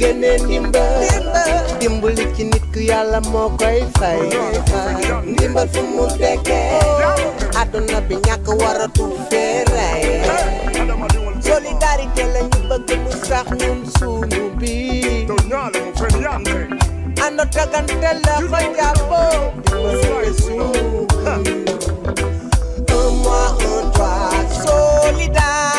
gënee nimba dimbali ci nit ku yalla mo koy fay nimba fu mu dekkee aduna bi ñàkk waratu feeraay solidarité la ñu bëgg mu sax ñun suñu bi ando tagante la fa jàppoo Solidar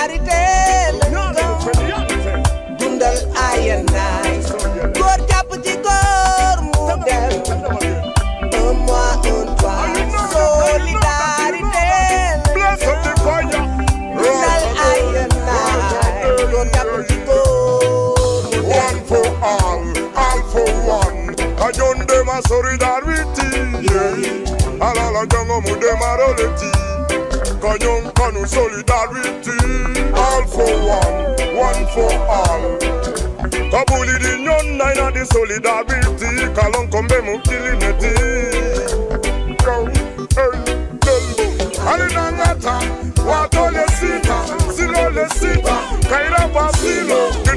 kama solidarity yeah. alala jango mudemaro leti kanyong kanu solidarity all for one one for all kabuli di nyonna ina di solidarity Ali kalonkombe mukilineti alinangata watolesita silolesita kairabas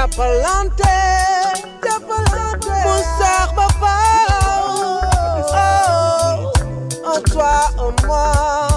ta oh en toi en moi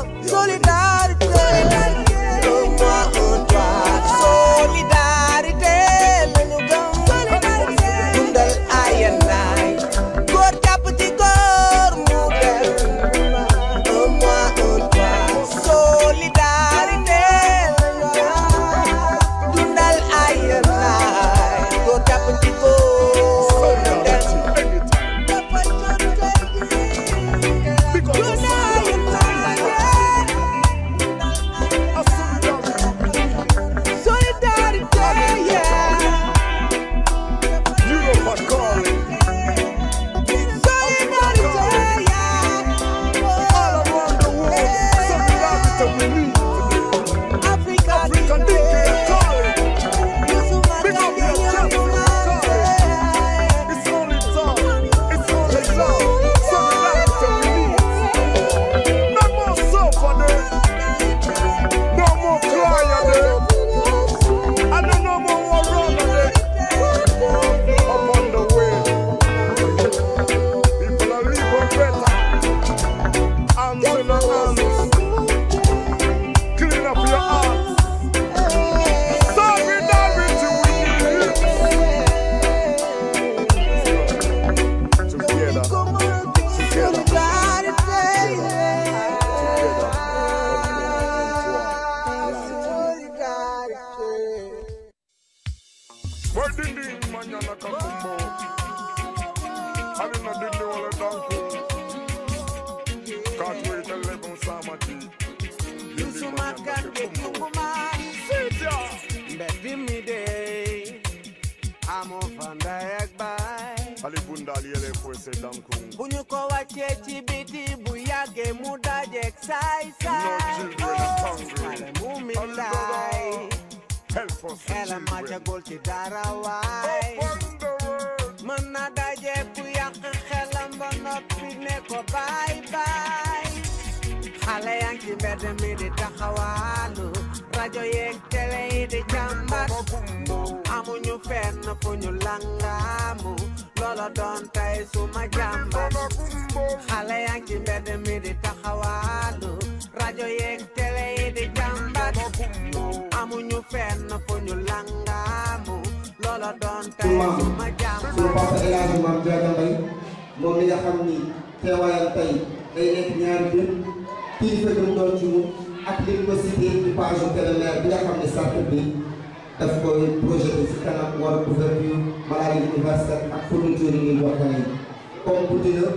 dina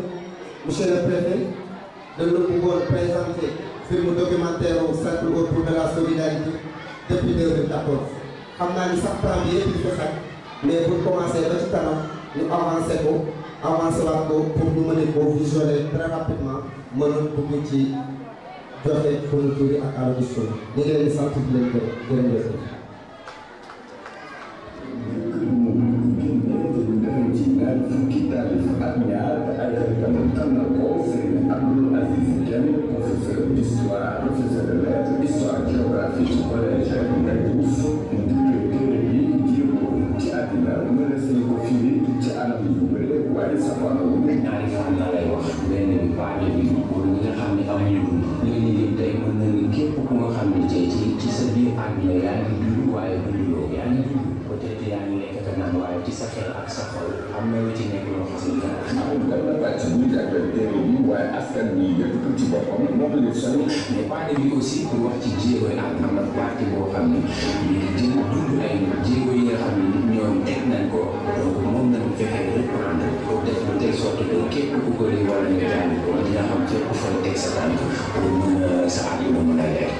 monsieur le préfet dañu bëggoon présenter film documentaire au cercle autour de la solidarité depuis 2014 xam naa ni sax temps bi yëpp di ko xaj bu commencé ba ci kanam ñu avancé ko avancé waat ko pour ñu mën a ko visionner très rapidement mënoon dugg ci joxe fourniture yi ak arrondissement ñu ngi leen di sant di leen gërëm lu sori mais pas de bi aussi pour wax ci jéego yi en tant que parti boo xam ne di dund ay jéego yi nga xam ne ñoom teg nañ ko donc moom nañu fexe reprendre pour def de telle sorte que képp ku ko wala nga xam fépp fa teg sa tànk pour mën a saxal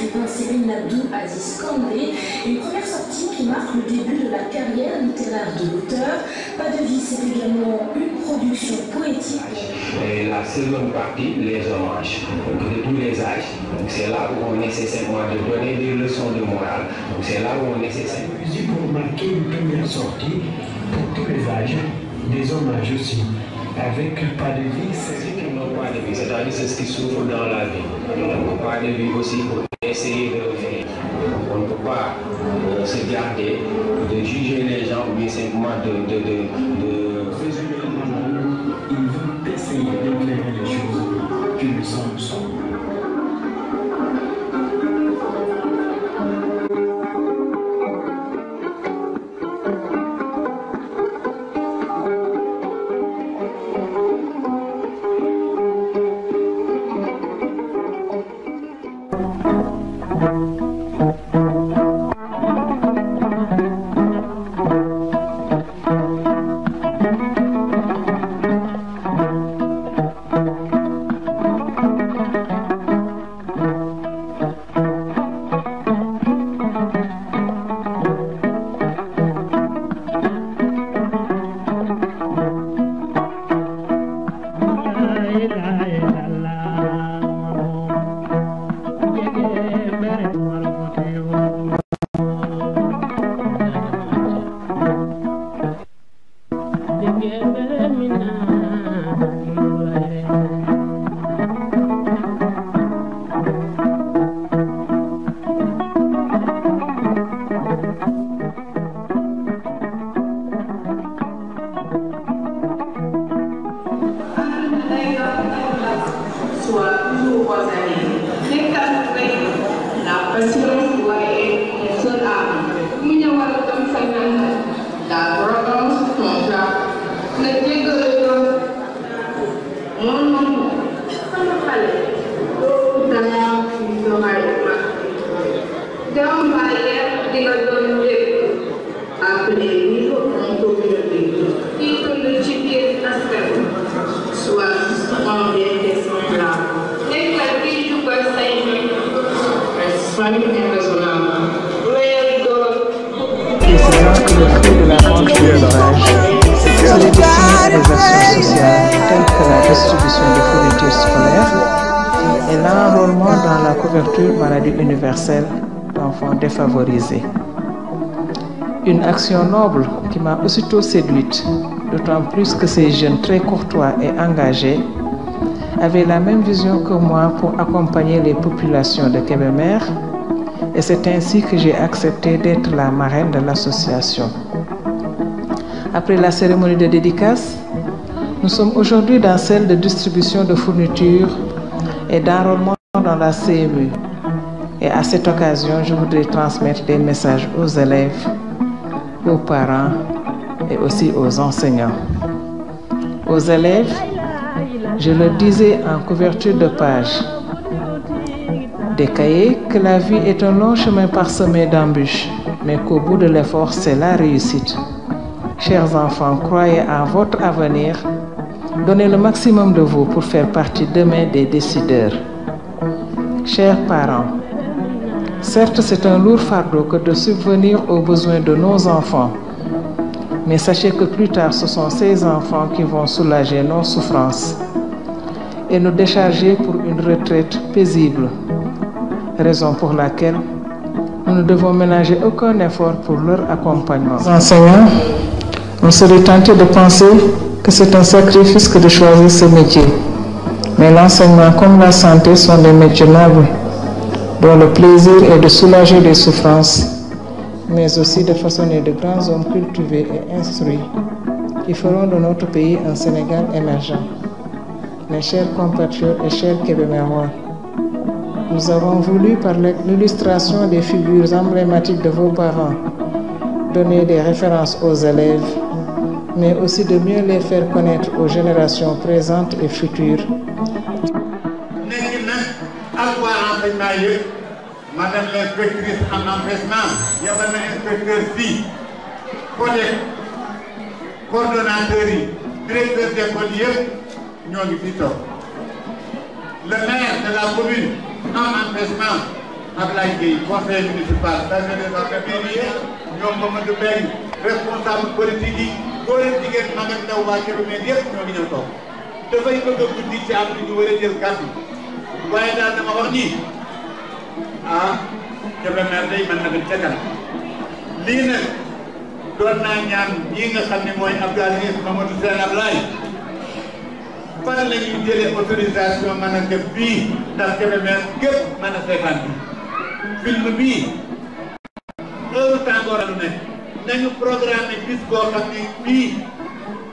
l'écrivain série Aziz une première sortie qui marque le début de la carrière littéraire de l'auteur. Pas de vie, c'est également une production poétique. Et la seconde partie, les hommages, de tous les âges. Donc c'est là où on est nécessairement de donner des leçons de morale. Donc c'est là où on essaie nécessairement... pour marquer une première sortie pour tous les âges, des hommages aussi. Avec pas de vie, c'est c'est-à-dire c'est ce qui souffre dans la vie. On ne peut pas aller vivre aussi pour essayer de On ne peut pas euh, se garder de juger les gens ou bien simplement de... de, de, essayer d'éclairer les choses qui nous sont qui m'a aussitôt séduite, d'autant plus que ces jeunes très courtois et engagés avaient la même vision que moi pour accompagner les populations de Kébémer et c'est ainsi que j'ai accepté d'être la marraine de l'association. Après la cérémonie de dédicace, nous sommes aujourd'hui dans celle de distribution de fournitures et d'enrôlement dans la CMU. Et à cette occasion, je voudrais transmettre des messages aux élèves aux parents et aussi aux enseignants. Aux élèves, je le disais en couverture de page, des cahiers que la vie est un long chemin parsemé d'embûches, mais qu'au bout de l'effort, c'est la réussite. Chers enfants, croyez en votre avenir, donnez le maximum de vous pour faire partie demain des décideurs. Chers parents, Certes, c'est un lourd fardeau que de subvenir aux besoins de nos enfants, mais sachez que plus tard, ce sont ces enfants qui vont soulager nos souffrances et nous décharger pour une retraite paisible, raison pour laquelle nous ne devons ménager aucun effort pour leur accompagnement. Enseignants, on serait tenté de penser que c'est un sacrifice que de choisir ce métier, mais l'enseignement comme la santé sont des métiers nobles dont le plaisir est de soulager les souffrances, mais aussi de façonner de grands hommes cultivés et instruits qui feront de notre pays un Sénégal émergent. Mes chers compatriotes et chers Québécois, nous avons voulu, par l'illustration des figures emblématiques de vos parents, donner des références aux élèves, mais aussi de mieux les faire connaître aux générations présentes et futures madame l'inspectrice en empêchement même na inspecteur collègue coordonnateur directeur des yëpp nous avons dit le maire de la commune en empêchement Ablaye conseil municipal chargé des affaires responsable politique politique góor ak jigéen mag ak De waa ci ah Kébé maire mën na ko tegal lii nag doon naa ñaan ñii nga xam ne mooy Abdoulaye Mamadou Sène Ablaye fan la ñuy jëlee autorisation mën a def bii ndax Kébé maire mën a seetaan bi film bii heure tàngooralu ne nañu programme bis boo xam ne bii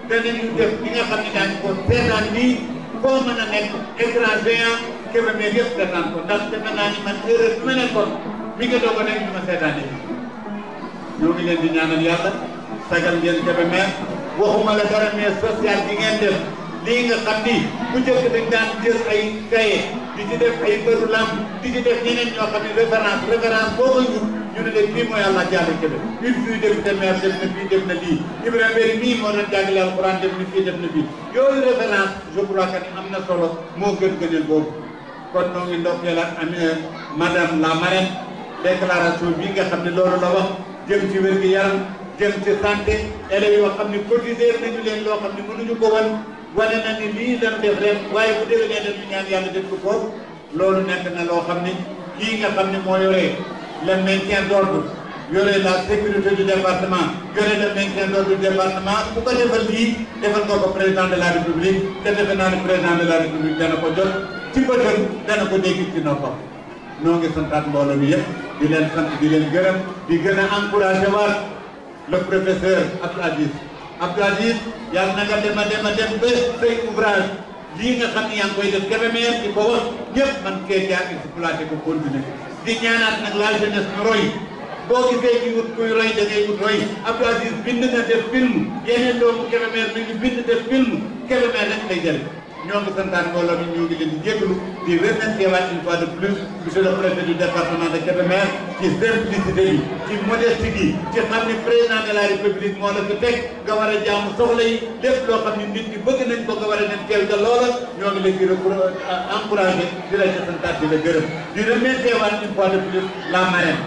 danañu def li nga xam ne daañu ko seetaan nii foo mën a nekk écran géant ndax defe naa man heure bi ma nekkoon mi nga doog a nekk bi ma seetaane ñoo ngi leen di ñaanal yàlla sagal ngeen Kébémer waxuma la dara mais social bi ngeen def lii nga xam ni bu njëkk dañ daan jël ay kaye di ci def ay bëru lamb di ci def ñeneen ñoo xam ne référence référence boo ko ñu ñu ne leen fii mooy àlla jàll Kébé une fii dem te maire def na fii def na lii Ibrahima Bari mii moo doon jàngale alxuraan def na fii def na fii yooyu référence je crois que ni am na gën gënal boobu kon noo ngi ndokkeelaat amina madame la marraine déclaration bi nga xam ne loolu la wax jëm ci wér gi yaram jëm ci santé élèves yoo xam ne cotiser nañu leen loo xam ne mënuñu ko wan wane na ni lii lan def ren waaye bu déwénee dañu ñaan yàlla def ko foofu loolu nekk na loo xam ne kii nga xam ni moo yoree le maintien d'ordre yore la sécurité du département yore le maintien d'ordre du département bu ko defal lii defal ko ko président de la république te defe naa ne de la république dana ko ci bëtëm dana ko dégg ci noppam noo ngi santaat mbooloo bi yëpp di leen sant di leen gërëm di gën a encouragé waat le professeur Abdou Aziz Abdou Aziz yàlla na nga dem a dem a dem ba say ouvrage lii nga xam ne yaa ngi koy def Kébémer di ko wax ñëpp man kee jaa exploité ko continué di ñaanaat nag la jeunesse ñu roy boo gisee ñu wut kuy roy da ngay wut roy Abdou Aziz bind na def film yeneen doomu Kébémer nañu bind def film Kébémer rek lay ñoo ngi santaan mbooloo mi ñoo ngi leen di jégalu di remercier waat une de plus monsieur le préfet du département de Kébémer ci simplicité bi ci modestie bi ci xam ni président de la république moo la fi teg nga war a jaamu soxla yi lépp loo xam ni nit ñi bëgg nañ ko nga war a dem teel ga loola ñoo ngi leen di euh, encouragé di la ci santaat la gërëm di remercier waat une fois de plus la marraine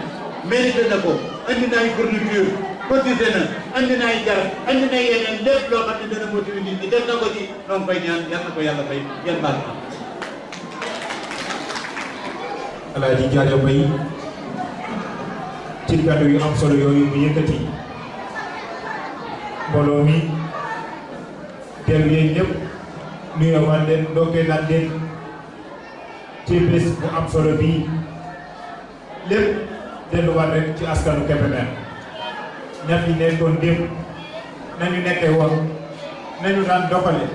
mérité na ko andi na ay fourniture cotisé na andi na ay garab andi na yeneen lépp loo xam ne dana motivé nit ñi def na ko ci ñoo ngi ñaan yal ko yàlla fay yan baal ma. Alaaji Jaajo Mbay ci kàddu yu am solo yooyu bu yëkkati mbooloo mi teew yéen ñëpp nuyoo man leen ndokkee naan leen ci bés bu am solo bii lépp delluwaat rek ci askanu Kébémer ña fi nekkoon démb nañu nekkee woon nañu daan doxale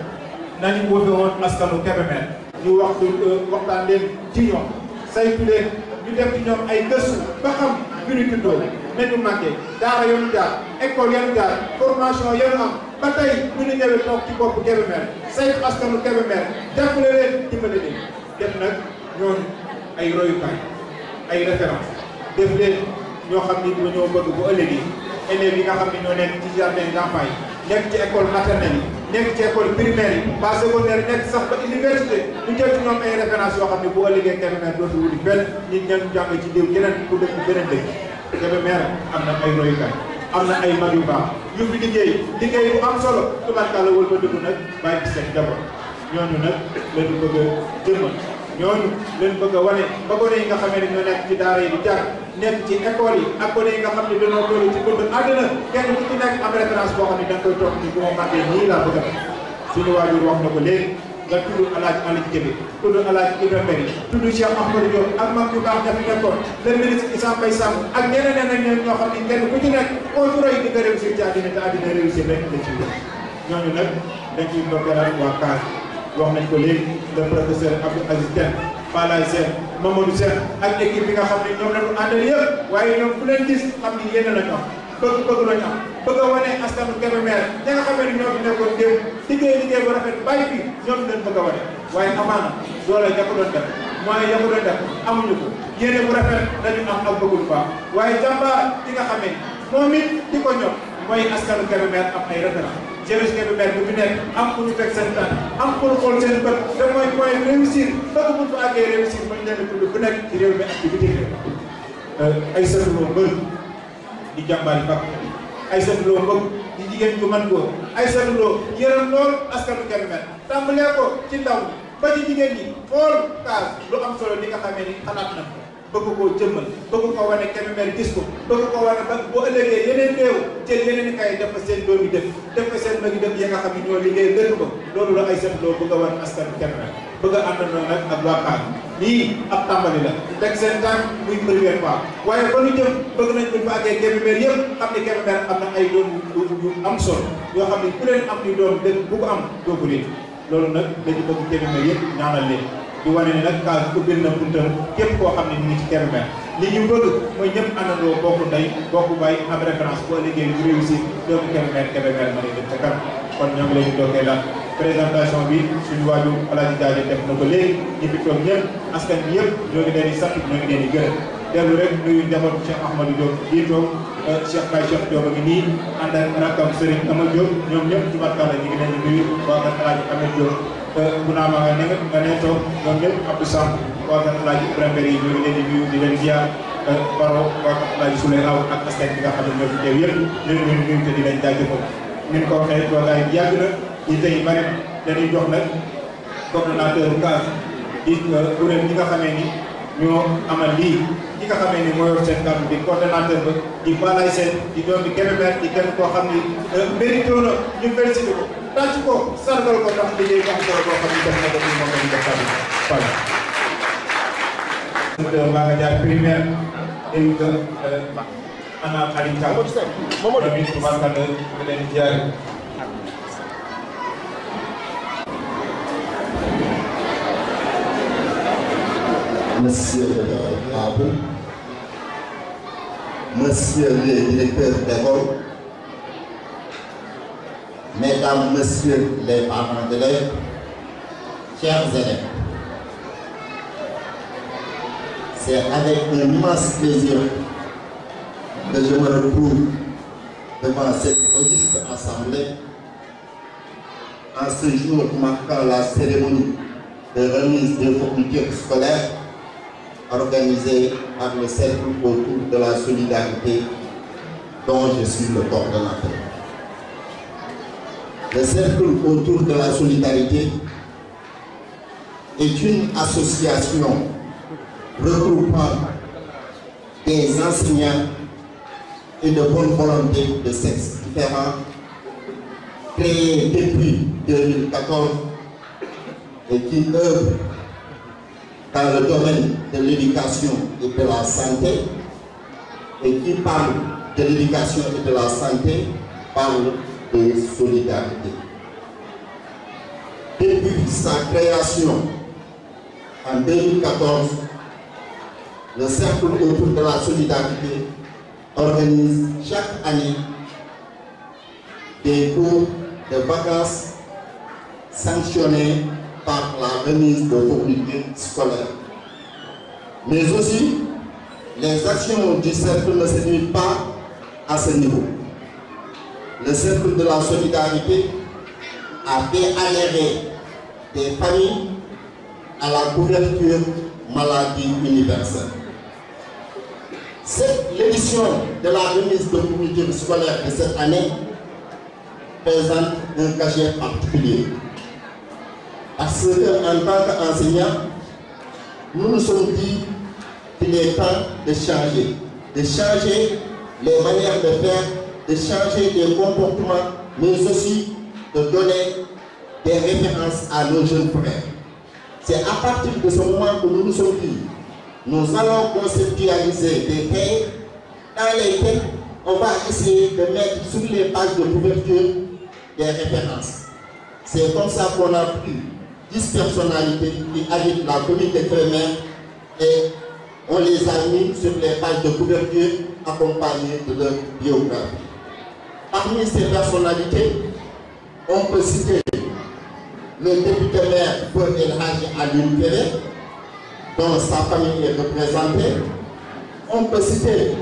nañu woote woon askanu Kébémer ñu waxtu euh, waxtaan leen ci ñoom saytu leen ñu def ci ñoom ay gëstu ba xam ñu ñu juddoo nañu màggee daara yoonu jaar école yoonu jaar formation yoonu am ba tey ñu ñu ñëwee toog ci boppu Kébémer saytu askanu Kébémer jàppale leen dimbale leen def nag ñooñu ay royukaay ay référence def leen ñoo xam ni dañoo bëgg bu ëllëgee élèves yi nga xam ne ñoo nekk ci jardin d'enfants yi nekk ci école maternelle yi nekk ci école primaire yi ba secondaire nekk sax ba université ñu jël ci ñoom ay références yoo xam ne boo liggéey Kébémer dootu wuti benn nit ñan jàng ci déw yeneen ku dëkk beneen dëkk Kébémer am na ay royukaay am na ay mag yu baax yu fi liggéey liggéey bu am solo tubarkàlla wël ba dugg nag bàyyi ci seen d'abord ñooñu nag lañu bëgg a jëmmal ñooñu a wane ba gone yi nga xamee ne ñoo nekk ci daara yi di jàng nekk ci école yi ak gone yi nga xamni ne dañoo toll ci bëgg aduna kenn ku ci nek am référence bo xamni ne da nga koy toog ni bu ma màggee ni la bëgg a suñu waajur wax na ko leen nga tuddu alaaj ali jëbi tuddu alaaj ibrahim bari tuddu cheikh ahmadou diop ak mam yu baax def nekkoon le ministre isa mbay sam ak ñeneen ñeneen ñoom ñoo xamni kenn ku ci nek koo ci roy di nga réussir ci àddina ta àddina réussir rek la ci ñooñu nag dañ ciy ndokkeelaat wa kaas wax nañ ko leen le professeur abdou aziz ten malay Mamadou Seck ak équipe bi nga xam ne ñoom la ñu àndal yëpp waaye ñoom ku leen gis xam ni yéen la ñu am bëgg bëgg la ñu am a wane askanu Kébémer ña nga xam ne ñoo fi nekkoon démb liggéey liggéey bu rafet bàyyi fi ñoom leen bëgg a wane waaye amaana doole ña ko doon def mooy ña ko doon def amuñu ko yéene bu rafet dañu am ak bëggul baax waaye jàmbaar di nga xamee moom it di ko ñor mooy askanu Kébémer am ay référence James Kébé maire bu fi nekk am ku ñu teg seen tànk am ku ñu xool seen bët te mooy mooy réussir bëgg bu fa àggee réussir bañ leen tudd bu nekk ci réew mi ak ci bitim réew ay sëtuloo mbër di jàmbaari bàq ay sëtuloo mbër di jigéen ju man ko ay sëtuloo yërëm lool askanu Kébémer tàmbalee ko ci ndaw ba ci jigéen ñi xool kaas lu am solo li nga xamee ni xalaat na ko bëgg koo jëmmal bëgg koo wane Kébémer gis ko bëgg koo wane ba bu ëllëgee yeneen réew jël yeneen i kay def fa seen doomi dëkk def fa seen magi dëkk yi nga xam ne ñoo liggéey gën ko loolu la ay sët loo bëgg a wan askan Kébémer bëgg a àndandoo nag ak waa Kaar lii ab tàmbali la teg seen tànk muy première fois waaye ba ñu jëm bëgg nañ buñ fa àggee Kébémer yëpp xam ne Kébémer am na ay doom yu yoo xam ne ku leen am ni doom dëkk bu ko am doo ko loolu nag dañu bëgg Kébémer yëpp ñaanal leen di wane ne nag kaas ubbil na buntam kep ko xamni ni ci terme li ñu bëgg moy ñepp anando bokku day bokku bay am référence boo ligé ñu réussir do ko Kébémer Kébémer ma ne dem ca kanam kon ñoo lay doké la présentation bi suñu waaju alaaji dajé def na ko légui ñi fi tok ñepp askan bi yépp ñoo ngi dañi sapp sant ñoo ngi dañi gëre gërëm dellu rek nuyu njaboot Cheikh Ahmadou Diop di tok Cheikh Baye Cheikh Diop ngi ni andal rakam Serigne Amadou Diop ci barka la ñi ngi leen di nuyu waa alaaji Amadou Diop bu naa ma nga ne nga ne toog ñoom ñëpp Abdou Samb waa Kër El Hadj Ibrahima Mbéri ñu ngi leen di nuyu di leen ziar Baro waa Kër El Hadj ak askan nga xam ne ñoo fi teew yëpp leen leen nuyu te di leen jaajëfal ñu ko waxee toogaay bi tey bare dañuy jox nag coordonnateur CAS di euh, kuréel ñi nga xamee ni ñoo amal lii ki nga xamee ni moo yor seen kàddu di coordonnateur ba di Balaye Sène di di kenn koo xam ni euh, ko tàcc ko sargal ko ndax liggéey bu am solo boo xam ko fi moom la ñu def tamit voilà. donc maa ngi jaar primaire dégg nga maanaam euh, Aliou Thiam. moom it maa ngi leen di jaar. Monsieur le Président, Monsieur le directeur d'école, Mesdames, Messieurs les parents d'élèves, chers élèves, c'est avec un immense plaisir que je me retrouve devant cette auguste assemblée en ce jour marquant la cérémonie de remise des facultés scolaires organisé par le cercle autour de la solidarité dont je suis le coordonnateur. Le cercle autour de la solidarité est une association regroupant des enseignants et de bonnes volonté de sexe différents créée depuis 2014 et qui œuvre dans le domaine de l'éducation et de la santé et qui parle de l'éducation et de la santé parle de solidarité. Depuis sa création en 2014, le Cercle autour de la solidarité organise chaque année des cours de vacances sanctionnés par la remise de fournitures scolaires. Mais aussi, les actions du cercle ne se limitent pas à ce niveau. Le cercle de la solidarité a fait adhérer des familles à la couverture maladie universelle. Cette l'édition de la remise de fournitures scolaire de cette année présente un cachet particulier. Parce qu'en tant qu'enseignants, nous nous sommes dit qu'il est temps de changer, de changer les manières de faire, de changer les comportements, mais aussi de donner des références à nos jeunes frères. C'est à partir de ce moment que nous nous sommes dit, nous allons conceptualiser des cahiers dans lesquels on va essayer de mettre sur les pages de couverture des références. C'est comme ça qu'on a pu 10 personnalités qui habitent la commune de et on les a mis sur les pages de couverture accompagnées de leur biographie. Parmi ces personnalités, on peut citer le député maire Paul à Alun dont sa famille est représentée. On peut citer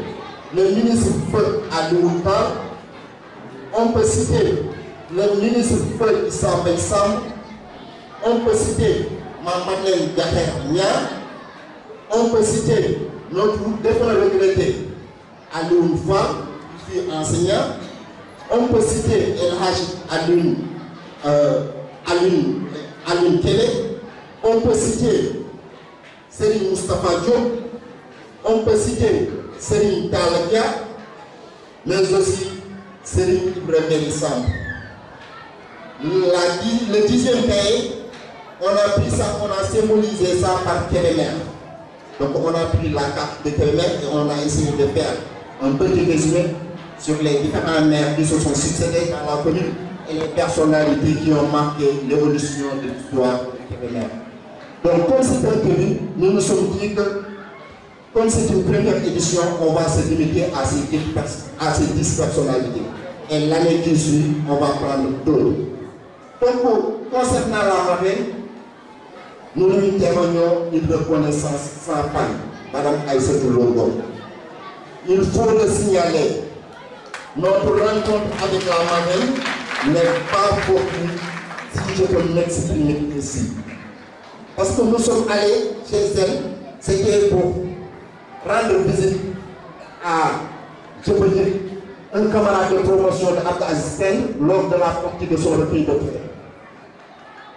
le ministre Feu Alouta. On peut citer le ministre Feu Issam on peut citer ma Madeleine Nia, On peut citer notre défunt regretté Aloum Fa, qui est enseignant. On peut citer El Haj Aloum, euh, On peut citer Serine Mustapha Diop. On peut citer Serine Talakia, mais aussi Serine Ibrahim Sam. Le dixième pays, on a pris ça, on a symbolisé ça par Kérémère. Donc on a pris la carte de Kérémère et on a essayé de faire un petit résumé sur les différents maires qui se sont succédés dans la commune et les personnalités qui ont marqué l'évolution de l'histoire de Kérémère. Donc comme c'est prévu, nous nous sommes dit que comme c'est une première édition, on va se limiter à ces 10, à ces 10 personnalités. Et l'année qui suit, on va prendre d'autres. Donc, concernant la marée. Nous lui témoignons une reconnaissance sans faille, Madame Aïssatou Longo. Il faut le signaler. Notre rencontre avec la maman n'est pas pour si je peux m'exprimer ici. Parce que nous sommes allés chez elle, c'était pour rendre visite à, je peux dire, un camarade de promotion de Abdel lors de la partie de son repris de prêt.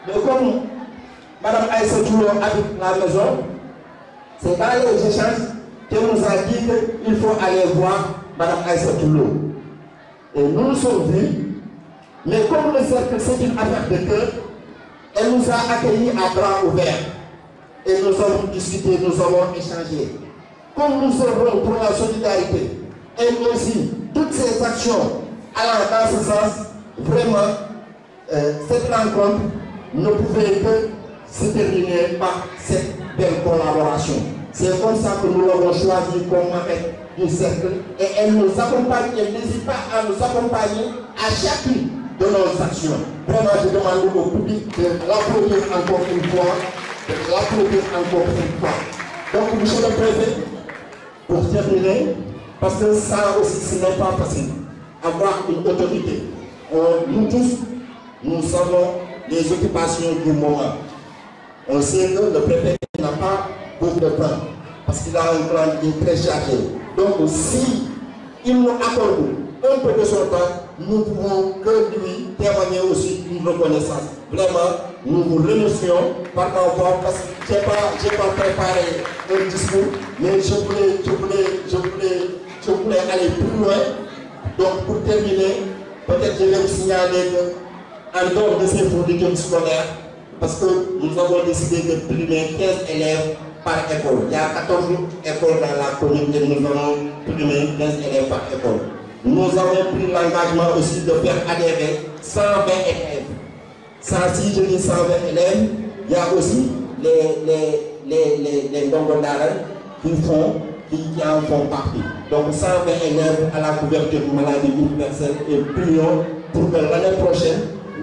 Mais comme Madame Aïssa Toulon habite la maison. C'est par les échanges qu'elle nous a dit qu'il faut aller voir Madame Aïssa Toulon. Et nous nous sommes vus. mais comme le cercle c'est une affaire de cœur, elle nous a accueillis à bras ouverts. Et nous avons discuté, nous avons échangé. Comme nous serons pour la solidarité, et aussi toutes ces actions allant dans ce sens, vraiment, euh, cette rencontre ne pouvait que se terminait par cette belle collaboration. C'est comme ça que nous l'avons choisi comme avec du cercle et elle nous accompagne, elle n'hésite pas à nous accompagner à chacune de nos actions. Vraiment, je demande au public de l'applaudir encore une fois, de l'applaudir encore une fois. Donc, nous sommes présente pour terminer, parce que ça aussi, ce n'est pas facile, avoir une autorité. Euh, nous tous, nous savons les occupations du moment. On sait que le préfet n'a pas beaucoup de temps parce qu'il a un est très chargé. Donc si il nous accorde un peu de son temps, nous pouvons que lui témoigner aussi une reconnaissance. Vraiment, nous vous remercions par rapport parce que je n'ai pas, préparé un discours, mais je voulais, je voulais, je voulais, aller plus loin. Donc pour terminer, peut-être je vais vous signaler qu'en dehors de ces fournitures scolaires, parce que nous avons décidé de primer 15 élèves par école. Il y a 14 écoles dans la commune et nous allons primer 15 élèves par école. Nous avons pris l'engagement aussi de faire adhérer 120 élèves. je dis 120 élèves. Il y a aussi les, les, les, les, qui, qui, en font partie. Donc 120 élèves à la couverture de maladie personnes et prions pour que l'année prochaine,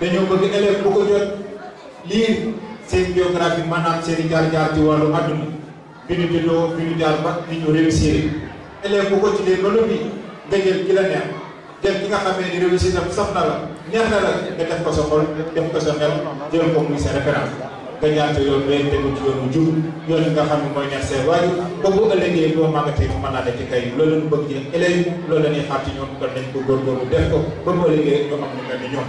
dañu bëgg élève bu ko jot lire seen biographie manam seen jaar-jaar ci walu aduna bi ñu jëlo bi ñu jaar ba bi ñu réussir élève bu ko ci lire ba noppi nga jël ki la neex dem ki nga xamé ni réussir na saf na la neex na la nga def ko sa xol def ko sa xel jël ko muy sa référence nga ci yoon bee tegu ci yoon mu jur yoon nga xam ne mooy neex seen ba bu ëllëgee loo màggatee mu mën naa def ci kay loolu lañu bëgg ci élève loolu lañuy xaar ci ñoom ko dañ ko gor def ko ba bu ëllëgee ñu am ñu ñoom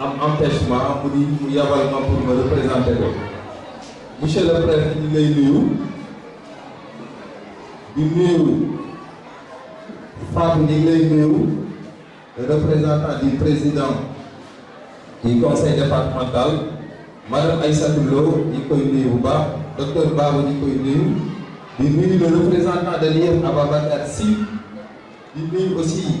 am empêchement pour y mu yabal ma pour me représenter monsieur le préfet ñu lay nuyu di nuyu nuyu représentant du président du conseil départemental madame Aïssa Lo il koy nuyu docteur Babou, ñu koy nuyu di le représentant de l'IEF Ababa Sy di nuyu aussi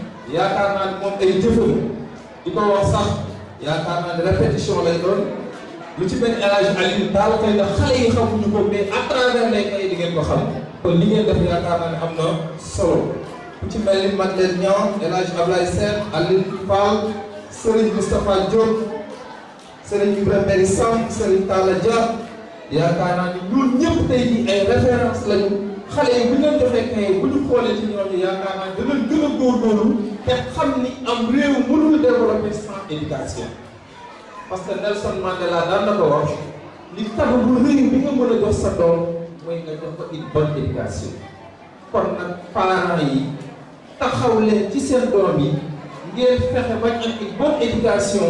yaakaar naa ne moom ay jëfam di ko wax sax yaakaar naa ne répétition lay doon lu ci benn El Hadj Aliou daal koy def xale yi xamuñu ko mais à travers lay koy di ngeen ko xam kon li ngeen def yaakaar naa ne am na solo ku ci mel ni Madeleine Niang El Hadj Ablaye Sène Aliou Fall Serigne Moustapha Diop Serigne Ibrahima Mbéri Sam Serigne Talla Dia yaakaar naa ne ñun ñëpp tey jii ay référence lañu. xale yi bu ñu leen kay bu ñu xoolee ci ñooñu yaakaar naa dinañ gën a góorgóorlu te xam ni am réew mënul développer sans éducation parce que Nelson Mandela daan na ko wax li tabu bu rëy bi nga mën a jox sa doom mooy nga jox ko une bonne éducation kon nag parents yi taxaw ci seen doom yi ngeen fexe bañ am une bonne éducation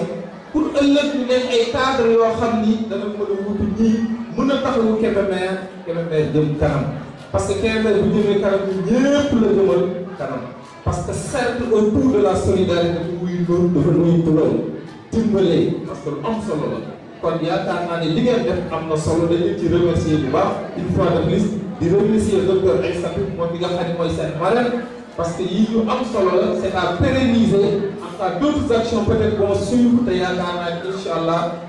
pour ëllëg ñu nekk ay cadre yoo xam ni dana mën a wutu ñii mën a taxawu Kébémer Kébémer jëm kanam parce que Kébémer bu jëmee kanam ñëpp le jëmal kanam parce que certes autour de la solidarité muy loolu dafa nuyu turam dimbalee parce que lu am solo la kon yaakaar naa ne li ngeen def am na solo dañu ci remercier bu baax une fois de plus di remercier docteur Aïssatou moom mi nga xam ne mooy seen parce que yii ñu am solo c'est à pérenniser à cas d'autres actions peut-être vont suivre te yaakaar naa ne incha allah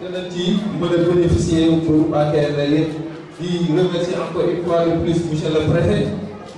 dinañ ci mën a bénéficier pour waa Kébémer di remercier encore une fois de plus monsieur le préfet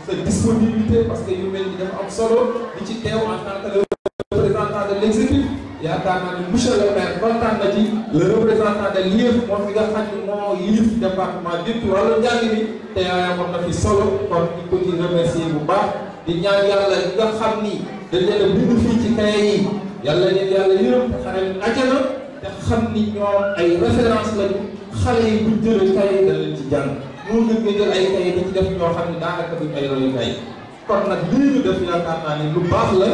sa disponibilité parce que yu mel ni dafa am solo di ci téw en tant que le représentant de l'exécutif yaakaar na ne monsieur le maire kontaan na ci le représentant de l'IEF mo fi nga mo yif département du tour dépp jang ni té te mo na fi solo kon di ko di remercier bu baax di ñaan yalla nga xam ni dañ leen a fi ci kaye yi yalla leen yalla yërëm xaral ajana te xam ni ay référence lañu xale yi buñ jëlee kayit dañ leen ci jàng moo gën nga jël ay kayit dañ ci def ñoo xam ne daanaka duñ ay royukaay kon nag lii ñu def yaakaar naa ni lu baax la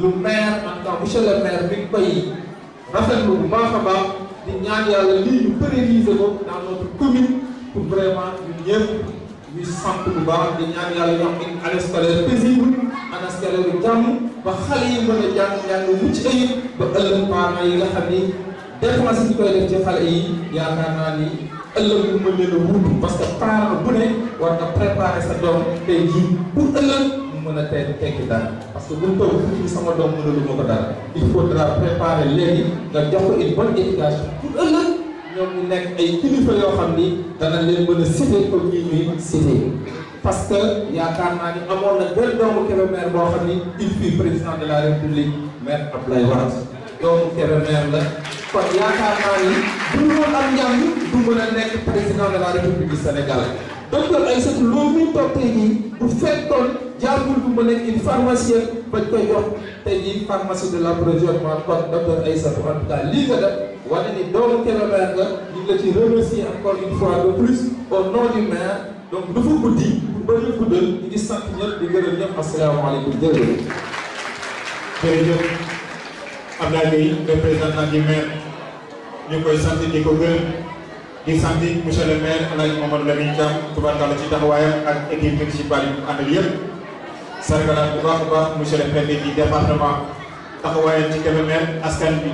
lu maire en tant monsieur le maire mi ngi koy rafetlu bu baax a baax di ñaan yàlla lii ñu pérenniser ko dans notre commune pour vraiment ñun ñëpp ñu sant bu baax di ñaan yàlla ñu am une année scolaire paisible année scolaire bu jàmm ba xale yi mën a jàng jàng mucc ayib ba ëllëg parents yi nga xam ni. dépense yi ñu koy def ci xale yi yaakaar naa ni ëllëg lu mën leen a wuutu parce que parent bu ne war nga préparer sa doom tey jii pour ëllëg mu mën a teel tekki dara parce que bu ñu toog fii sama doom mënalu ma ko dara il faudra préparer léegi nga jox ko une bonne éducation pour ëllëg ñoom ñu nekk ay kilifa yoo xam ni dana leen mën a cité comme ñi ñuy cité parce que yaakaar naa ni amoon na benn doomu Kébémer boo xam ni il fut président de la république maire Abdoulaye Wade doomu Kébémer la kon yaakaar naa ni bu ñu woon am njàng du mën a nekk président de la république du Sénégal docteur Aïssatou Lo muy toog tey nii bu fekkoon jàngul bu mu nekk une pharmacienne bañ koy jox tey jii pharmacie de l'approvisionnement kon docteur Aïssatou en tout cas lii nga def wane ni doomu Kébémer nga ñu la ci remercier encore une fois de plus au nom du maire donc dafa guddi bu bëri guddal ñu sant ñëpp di gërëm ñëpp asalaamaaleykum jërëjëf jërëjëf Abdoulaye Gueye représentant du maire ñu koy sant di ko gërëm di sant monsieur le maire El Hadj Mamadou Lamine Thiam tubaarkàlla ci taxawaayam ak équipe municipale yi mu àndal sargalaat bu baax a baax monsieur le préfet du département taxawaayam ci Kébémer askan bi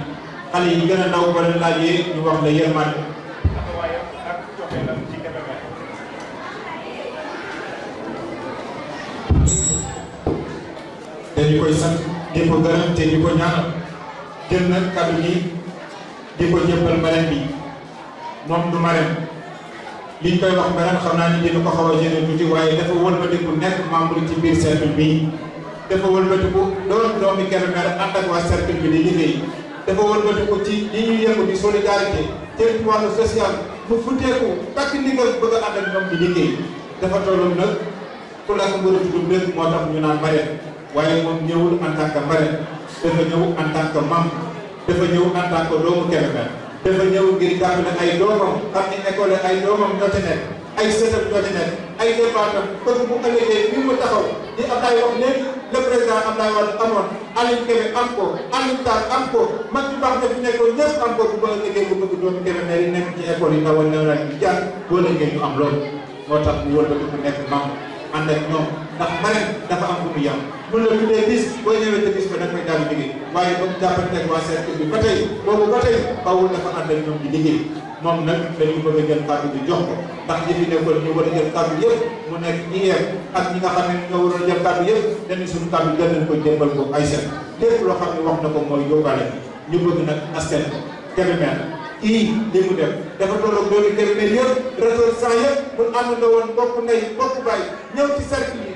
xale yi gën a ndaw ba leen laajee ñu wax la yërmande taxawaayam ak koy sant di gërëm te di ko ñaanal. jël na kaddu gi di jëppal marraine bi moom du marraine liñ koy wax marraine xam ni dina ko xaw a gêné tuuti waaye dafa wëlbatiku nekk membre ci biir cercle bi dafa wëlbatiku doon doomi kenn mer ànd ak waa cercle bi di liggéey dafa ci yëngu di solidarité ci social mu futteeku takk ndigal bëgg a ak di liggéey dafa tollu nag ku la ko bëri tudd moo tax ñu naan marraine waaye en tant que dafa ñëw en tant que membre dafa ñëw en tant que doomu Kébémer dafa ñëw ngir jàppale ay doomam xam ni école ay doomam ñoo ci nekk ay sëtam ñoo ci nekk ay départam kon bu ëllëgee bi mu taxaw di Abdoulaye wax léegi le président Abdoulaye Wade amoon am ko Aline Tall am ba bu nekk ci école yi awal nawra ñu jàng boo ëllëgee ñu am loolu moo tax bu ñoom ndax maren dafa am bu mu yàq bu la tuddee bis boo ñëwee te bis ba da koy daal di liggéey waaye ba mu jàppanteeg waa cercle bi ba tey boobu ba tey bawul dafa ànd ak ñoom di liggéey moom nag dañu bëgg a jël kàddu bi jox ko ndax yëf yi nekkoon ñu war a jël kàddu yëpp mu nekk ñi yeer ak ñi nga xam ne ñoo waroon jël kàddu yëpp dañu suñu kàddu jël nañ ko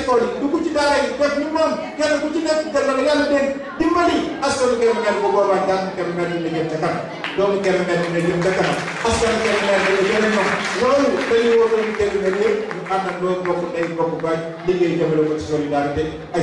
école yi dugg ci daara yi def ñu moom kenn ku ci nekk kenn la yàlla dégg dimbali askanu Kébémer bu boobaa jàng Kébémer ñu liggéey ca kanam doomu Kébémer dina jëm ca kanam askanu Kébémer dina jëm ñoom loolu dañu woo doomu Kébémer yëpp ñu ànd ak loolu bokk ndey bokk baay liggéey jëmale ko ci solidarité ay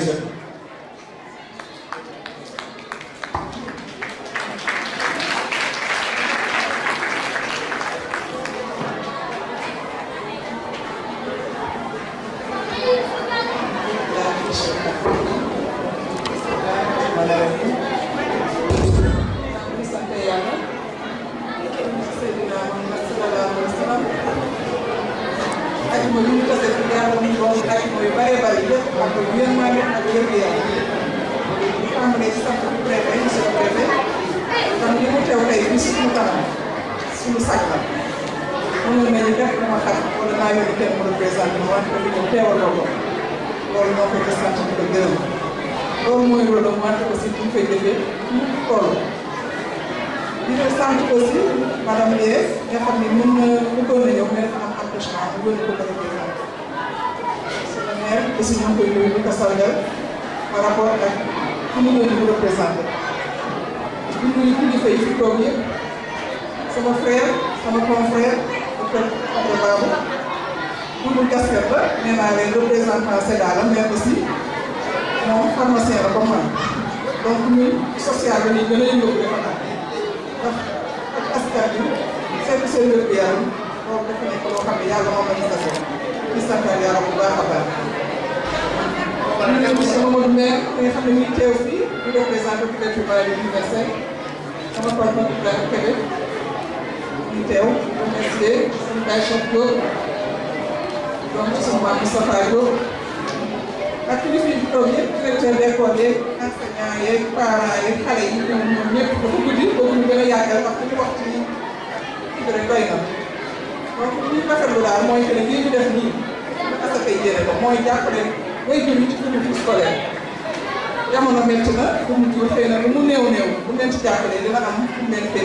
bi xëy na lu mu néew néew bu leen ci jàppalee dina am fu mu leen féete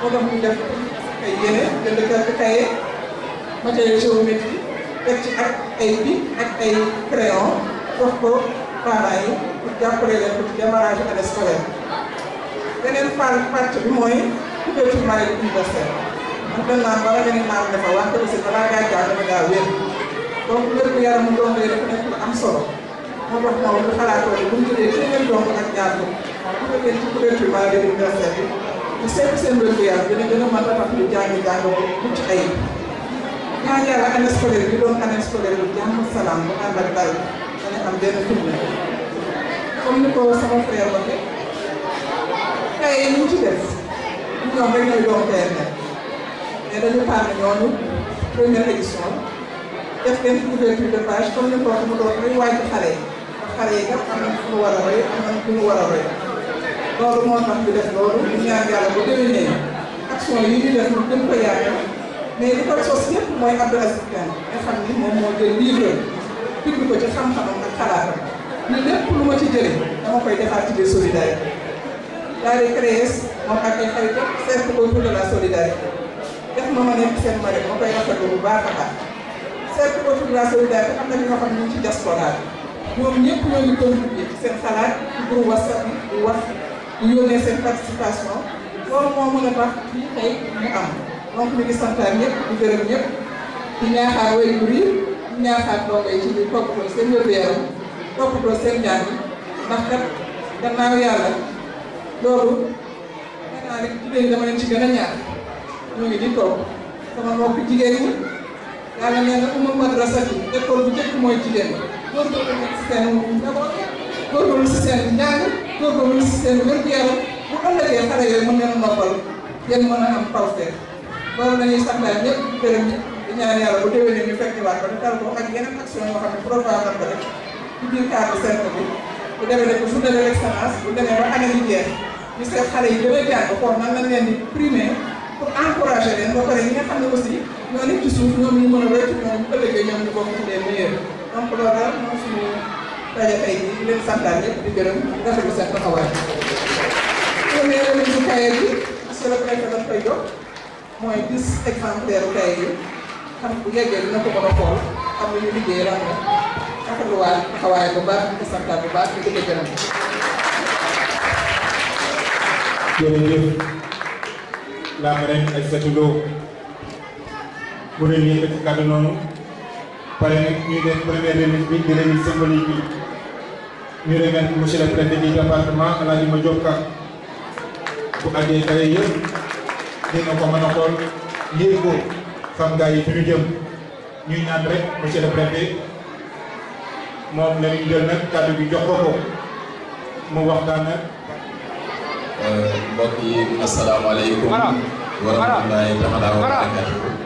moo tax ñu def ay yére jënd quelques cahiers matériel géométrie teg ci ak ay bi ak ay crayon jox ko parents yi pour jàppale leen ko ci démarrage année scolaire beneen part partie bi mooy couverture maladie universelle man dañ naan bala nga ne naan dafa wante aussi balaa ngaa jàng dafa daa wér donc wér gu yaram mu doon lay def nekk lu am solo moo tax moom ñu xalaatoon ne bu ñu tuddee téeméer doom ak ñaar ko bu ñu ci couverture maladie universelle bi ñu seetlu seen wér gu yaram dina gën a mën a tax ñu jàng jàng bu mucc ayib ñaan yàlla année scolaire bi doon année scolaire bi jàmm salaam bu ànd ak dal dana am benn tournée comme ni ko sama frère waxee tey ñu ci des ñu ñoom rek ñooy doom PNL mais dañu tànn ñooñu première édition def leen couverture de page comme ni ko mu doon rek wàññi xale yi xale yi kat am nañ fu mu war a roy am nañ fu mu war a roy loolu moo tax ñu def loolu ñu ñaan yàlla bu déwénee action yi ñu def ñu gën ko yaatal mais li koy sos yëpp mooy Abdou Aziz Kane nga xam ni moo jël livre bind ko ci xam-xamam ak xalaatam ni lépp lu ma ci jëlee dama koy defaat ci biir solidarité daal di créer moom ak ay xaritam cercle autour de la solidarité def ma ma nekk seen mari ma koy rafetlu bu baax a baax cercle autour de la solidarité am na ñoo xam ne ñoom ñëpp ñoo ngi contribué ci seen xalaat pour wasal wax ñu yónnee seen participation loolu moo mën a tax fii tey ñu am donc ñu ngi santaar ñëpp di gërëm ñëpp di ñaaxaar way yu riir di ñaaxaar ndongo yi ci biir toppatoo seen wér yaram toppatoo seen njàng ndax kat gannaaw yàlla loolu xanaa rek jigéen ñi dama leen ci gën a ñaar ñoo ngi di toog sama mbokk jigéen ñi yàlla nee na umul madrasa bi école bu njëkk mooy jigéen ñi góorgóorlu na système njaboot góorgóorlu système njàng góorgóorlu système wér-gu-yaram bu ëllëgee xale yooyu mën leen noppal ngeen mën a am tawfeex loolu dañuy santaat ñëpp gërëm ñëpp di ñaan yàlla bu déwénee ñu fekk waat ko defal ko ak yeneen action yoo xam ne programme di primer pour encourager leen ba pare ñi nga xam ne aussi ñoo nekk ci suuf ñoom ñu mën a roy ci ñoom bu ëllëgee ñoom ñu donc loolu daal moom suñu daje tey jii di leen santaan ñëpp di gërëm rafetlu seen taxawaay. su ñu nee ci cahier bi monsieur le préfet dañ yi xam bu yeggee dina ko mën xam lu ñu liggéey lan la rafetluwaay taxawaay bu baax di ko bu baax di ko gërëm. jërëjëf la ma rek ay seetlu loo kuréel yi yëkkati kàddu noonu. pare nag ñuy def première remise bi di remise symbolique bi ñu remercier monsieur le préfet du département El Hadj Madiop Ka bu àggee kare yëpp dina ko mën a xool yéeg ko xam gaa yi ñu jëm ñuy ñaan rek monsieur le préfet moom la ñu jël nag kàddu gi jox ko ko mu waxtaan nag. Euh, mbokk yi asalaamaaleykum. wa rahmatulaahi taala wa barakaatuh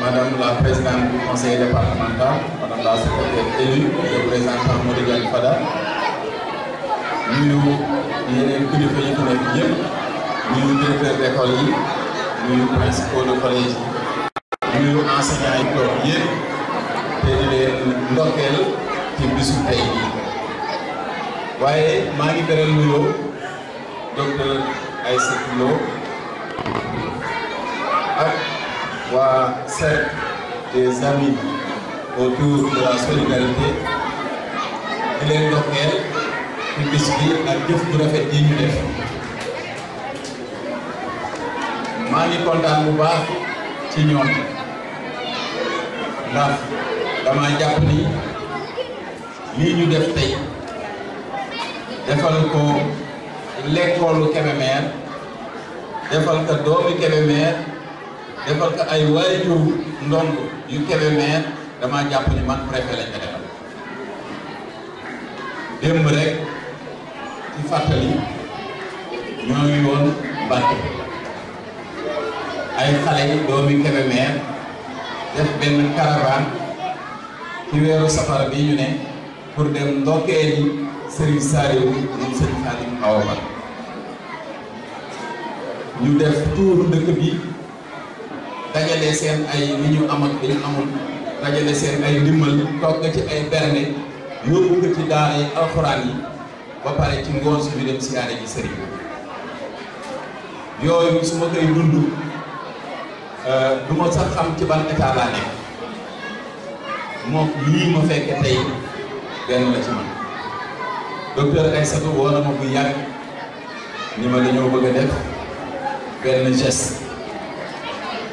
Madame la Présidente du Conseil départemental, Madame la Secrétaire élue, le président Modigan Fada, nous, yeneen kilifa yi fi nekk nous nuyu d'école yi principaux de collège nous enseignants et toog yëpp te di qui nous ci bisu tey bi waaye maa ngi beral nuyoo docteur Aïssatou Lo waa cercle des amis autour de la solidarité Il est donc elle qui bi ak jëf bu rafet yi ñu def maa ngi kontaan bu baax ci ñoom ndax dama jàpp ni lii ñu def tey defal ko lekkoolu Kébémer defal ko doomi Kébémer defal ko ay waajur ndong yu Kébémer dama jàpp ni man préfet lañ ko defal démb rek ci fàttali ñoo ngi woon Mbacké ay xale doomi Kébémer def benn caravane ci weeru safara bi ñu ne pour dem ndokkee ni Serigne Saliou moom Serigne Khadim Awa ñu def tour dëkk bi dajale seen ay li ñu am ak li amul dajale seen ay ndimbal togg ci ay berne yóbbu ko ci daara yi alxuraan yi ba pare ci ngoon si ñu dem siyaare ji sëriñ yooyu su ma koy dund euh, du ma xam ci ban état laa lii ma fekke tey benn la ci man docteur Aïssatou woo na ma bu yàgg ni ma dañoo bëgg def benn geste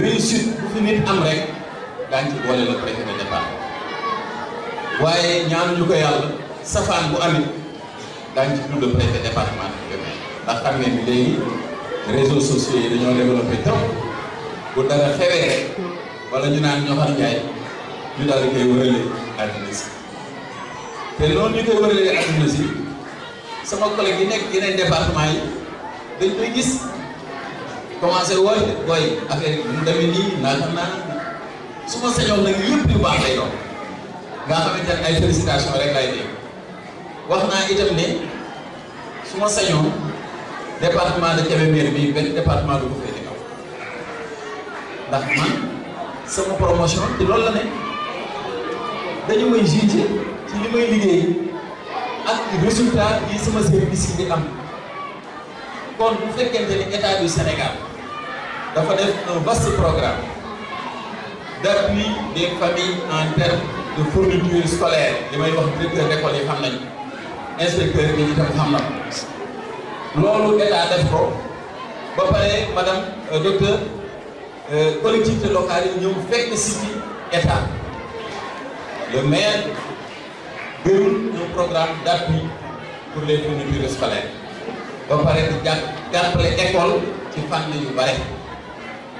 réussite bu fi nit am rek daañu ci boole le préfet de département waaye ñaan ñu ko yàlla safaan bu amit daañu ci tudd préfet département de Kébémer ndax xam ne bi léegi réseaux sociaux yi dañoo développé taw bu dara xewee rek ñu naan ñoo xam ñu daal di koy wëralee àddina si te noonu ñu koy wëralee àddina si sama collègue yi nekk yeneen département yi dañ koy gis commencé wooy booy affaire yi mu demee nii naka naa su ma sañoon nag lépp lu baax lay doon nga xamante wax naa itam ne su ma sañoon département de Kébémer bii benn département du ko féete kaw ndax man sama promotion ci la ne dañu may jugé ci li may liggéey ak résultat yi sama service yi di am kon bu fekkente ni état du Sénégal. dafa un vaste programme d'appui des familles en termes de fournitures scolaires li may wax directeur d'école yi xam inspecteur yi itam xam na loolu état def ko ba madame euh, docteur euh, collectivité locale yi une fekk si ci état le maire déroule un programme d'appui pour les fournitures scolaires ba pare di écoles et école ci fànn yu bare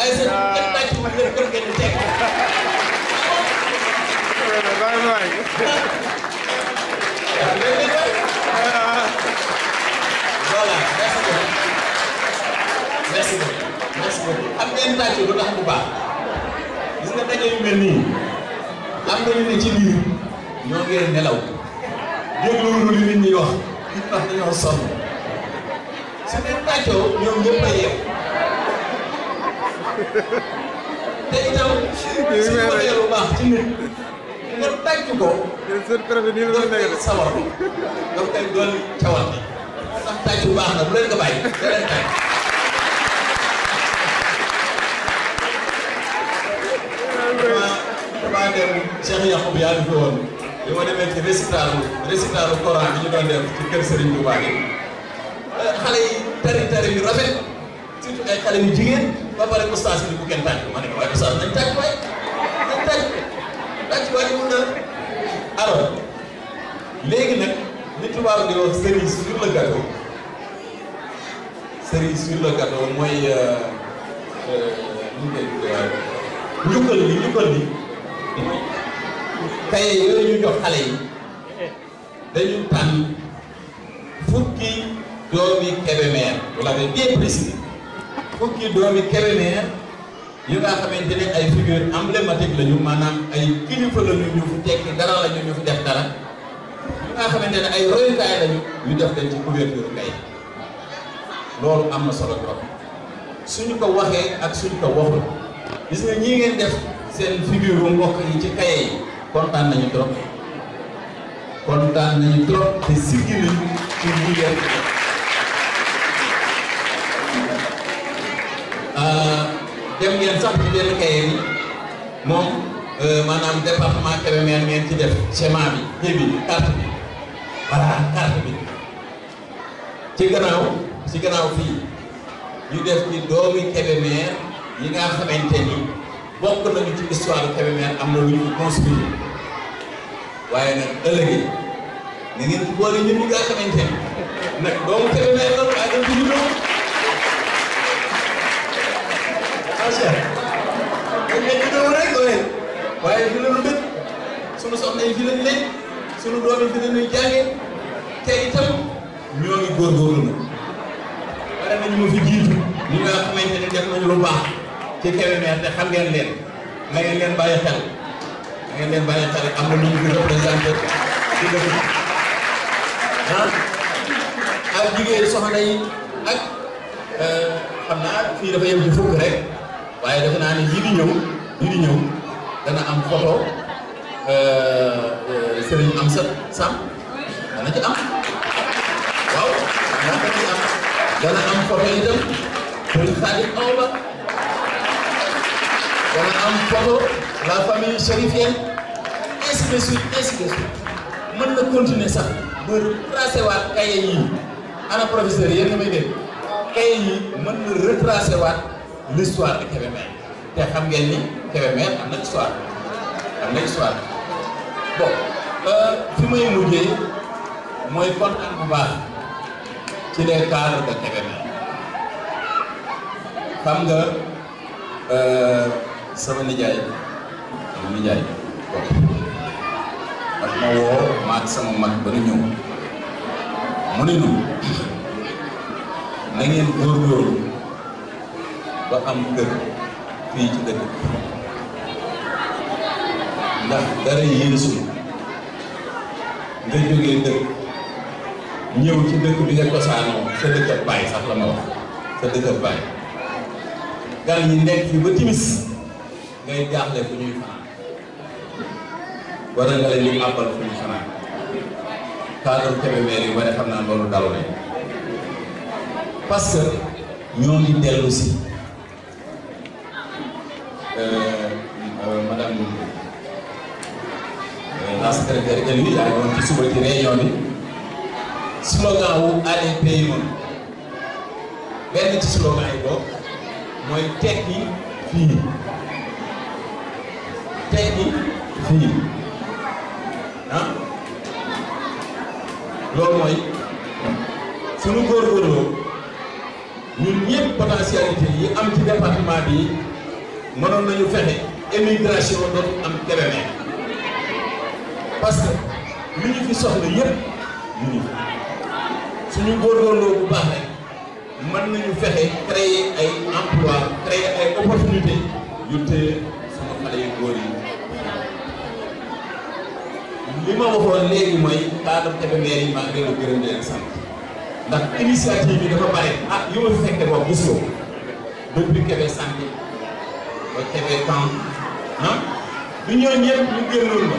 ay sëñ kenn naa ci wax ngeen kon ngeen teg bay bay voilà merci beaucoup merci beaucoup merci beaucoup am ngeen tàcc lu tax bu baax gis nga daje yu mel nii am nga ñu ne ci biir ñoo ngeen nelaw dégluwul li nit ñi wax li ñu wax dañoo sonn su ñoom ñëpp a yeew te itam. yéen suñu bëree lu baax ci nit nga tàcc ko. yéen seen préfet nii la doon nekk de sawar nga koy dolli cawal bi. ndax tàcc bu baax na bu leen ko bàyyi da leen tàcc. vraiment damaa dem Cheikh Yacoub yaa ngi fi woon li ma demee ci récital récital Coran bi ñu doon def ci kër Serigne Touba bi xale yi tari tari yu rafet. ay xale yu jigéen ba pare ustaas yi bu kenn tàcc ma ne ko waaye ustaas nañ tàcc waay nañ tàcc tàcc waay mun na alors léegi nag li tubaab di wax cerise sur le gâteau cerise sur le gâteau mooy euh, euh, njukkal bi njukkal bi kaye yooyu ñu jox xale yi dañu tànn fukki doomi Kébémer vous l'avez bien précisé fukki doomi Kébémer yi nga xamante ay figure emblématique lañu manam ay kilifa lañu ñu fu tekki dara lañu ñu fu def dara yi nga xamante ne ay royukaay lañu ñu def leen ci couverture kay lolu amna solo trop suñu ko waxe ak suñu ko waxu gis nga ñi ngeen def seen figure mbokk yi ci kay yi nañu trop kontan nañu trop te siggi nañu ci bu dem ngeen sax ci benn kaye bi moom euh, maanaam département Kébémer ngeen ci def schéma bi kii bi carte bi voilà carte bi ci gannaaw ci gannaaw fii ñu def ci doomi Kébémer yi nga xamante ni bokk nañu ci histoire Kébémer am na lu ñu construire waaye nag ëllëgee na ngeen boole ñun ñi nga xamante ni doomu Kébémer la waaye dañ ci enchère dañ leen juddoo rek doy waaye fi la ñu dëkk sunu soxna yi fi la ñu nekk sunu doom yi fi ñuy jàngee te itam ñoo ngi góorgóorlu na fi jiitu lu baax ci Kébémer te xam leen na leen bàyyi xel na lu ñu fi représenté ci dëkk bi ah euh, dafa yem fukk rek waaye defe naa ne yii di ñëw yii di ñëw dana am photo euh, euh, Serigne am sa sam dana ci am waaw dana am dana am photo itam Serigne Sadio Awa dana am photo la famille chérifienne ainsi de suite ainsi de suite mën na continuer sax ba tracé kaye yi ana professeur yéen may dégg kaye yi mën na retracé l'histoire de Kébémer te xam ngeen ni Kébémer am na histoire am na histoire bon fi may mujjee mooy kontaan bu baax ci les cadres de Kébémer xam nga sama nijaay sama nijaay daf ma woo maag sama mag ba nu ñëw mu ne nu na ngeen góorgóorlu ba am kër fii ci dëkk ndax dara yéesul nga jógee dëkk ñëw ci dëkk bi nga cosaanoo sa dëkk ab sax la ma wax sa dëkk ab baay yi nekk fi ba timis ngay jaaxle fu ñuy fanaan wala nga leen àbbal fu ñuy fanaan kaadam kebe meer yi ma ne xam naa loolu dalu ne parce que ñoo ngi dellu secrétaire élu yaa ngi ci suba ci réunion bi slogan wu aller moom benn ci slogan yi mooy tekki fii tekki fii ah loolu mooy suñu góorgóorloo ñun ñëpp potentialité yi am ci département bi mënoon nañu fexe émigration dootu am Kébémer. parce que li ñu fi soxla yëpp ñu ngi fi suñu góorgóorloo bu baax rek mën nañu fexe créer ay emploi créer yu téye sama xale yu yi li ma waxoon léegi mooy kaadam tefe maire yi maa ngi leen gërëm di leen sant ndax initiative dafa bare ah ma fi fekkee moom gis ko depuis Kébé Santé ba Kébé Kamp ah bi ñooñu ñëpp ñu gënoon ma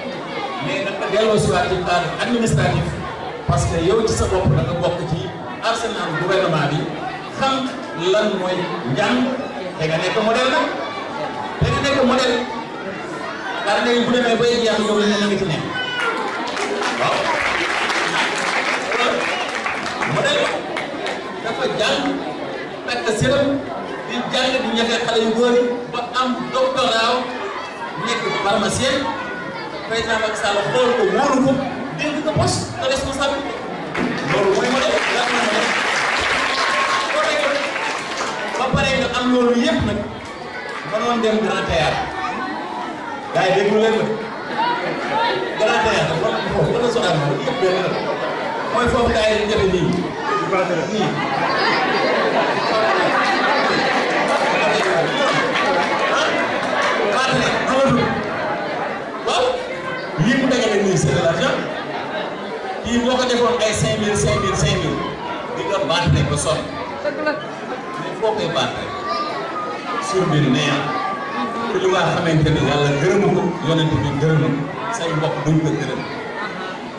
mais nag nga ci administratif parce que yow ci sa bopp da nga bokk ci arsenal gouvernement bi xam lan mooy njàng te nga nekk modèle nag te nga nekk modèle daa ne bu demee bay jeex yow la nga ci nekk waaw modèle dafa jàng takk sërëm di jàng di ñettee xale yu góor ba am doctorat nekk pharmacien président Macky Sall xool ko wóolu ko dégg ko poste de responsabilité loolu mooy ma def laaj ma def ba pare nga am loolu yëpp nag mënoon dem grand théâtre gars yi déglu leen la grand théâtre wala foofu wala sonal ma yëpp benn la mooy foofu gars yi dañu jëfe nii nii Thank you. lii mu dajale nii c'est de l'argent kii boo ko defoon ay 5000 5000 5000 di nga baat rek ba sonn mais foo koy baat rek sur biir néant pour li nga xamante ni yàlla gërëmu ko yonent bi gërëmu say mbokk duñ ko gërëm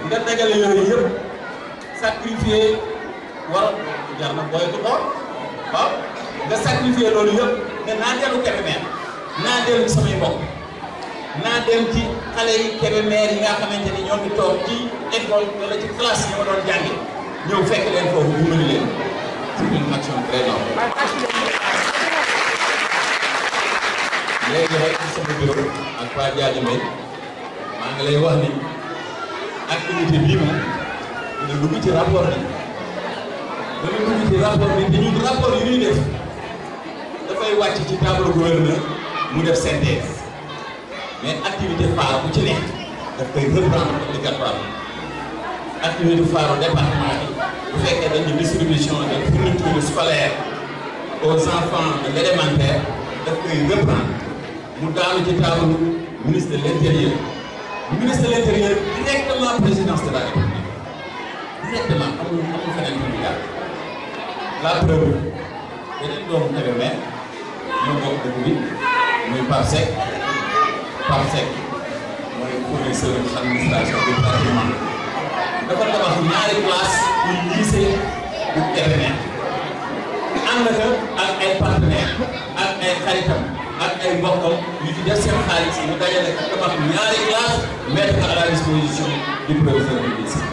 nga dajale yooyu yëpp sacrifier war jar na booy ko or waaw nga sacrifier loolu yëpp nga naa dellu Kébémer naa dellu samay mbokk. naa dem ci xale yi Kébémer yi nga xamante ni ñoo ngi toog ci école wala ci classe yi ma doon jàngi fekk leen foofu bu mën leen c'est une action très noble. léegi rek ci sama bureau ak Pa Diagne Mbaye maa ngi lay wax ni activité bii moom dina dugg ci rapport bi dana dugg ci rapport bi te ñuy def dafay wàcc ci table gouverneur mu def synthèse. mais activité phare bu ci nekk daf peut reprendre obligatoirement activité phare département qu'il y fekkee une distribution de fournitures scolaires aux enfants de l'élémentaire daf reprendre mu avons ci le ministre de l'intérieur Le ministre de l'intérieur directement présidence de la république directement comme amul feneen la preuve beneen doomu Kébémer ñoo bokk dëkk bi muy Pape Seck Pape Seck mooy professeur administration du patrimoine dafa tabax ñaari classe pour lycée bu Kébémer ànd ka ak ay partenaires ak ay xaritam ak ay mbokkam ñu ci def seen xaalis yi mu dajale ak tabax ñaari classe mettre ko à la disposition du professeur du lycée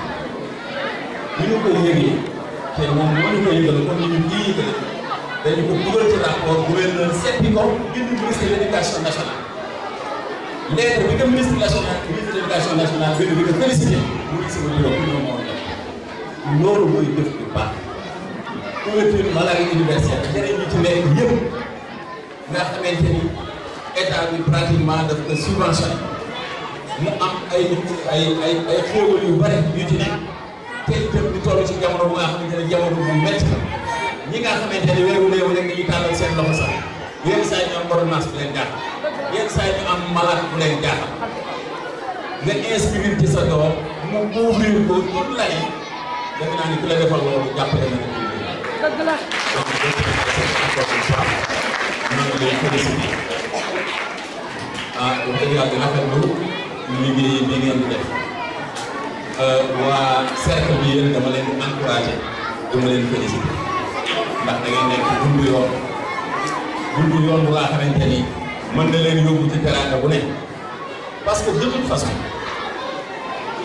ñu ñu ko yëgee te moom moo ñu ko yëgal comme ni ñu kii yëgale ko dugal ci rapport gouverneur seppi ko bind ministre de léegi bi nga ministre de l'éducation bi nga félicité mu ngi si wàllu loolu moo loolu mooy def bu baax couverture maladie universelle njëriñ bi ci yëpp nga xamante ni état bi pratiquement daf ko subventionné mu am ay ay ay ay xéewal yu bari yu ci nekk tey jëm di ci jamono bu nga xamante ne jamono bu métti ñi nga xamante ne wéewu léewu rek dañuy tàllal seen loxo sax yenn saa yi ñoom borom maas yenn saa yi ñu am bu leen jaaxal nga inspirer naa ni ku la defal loolu jàppale na la. dëgg la donc encore une ñu ngi ngeen di def euh, waa cercle bi yéen dama leen encouragé dama leen féliciter ndax da nekk dundu yoon dundu yoon bu laa xamante mën na leen yóbbu ci teraanga bu nekk parce que de toute façon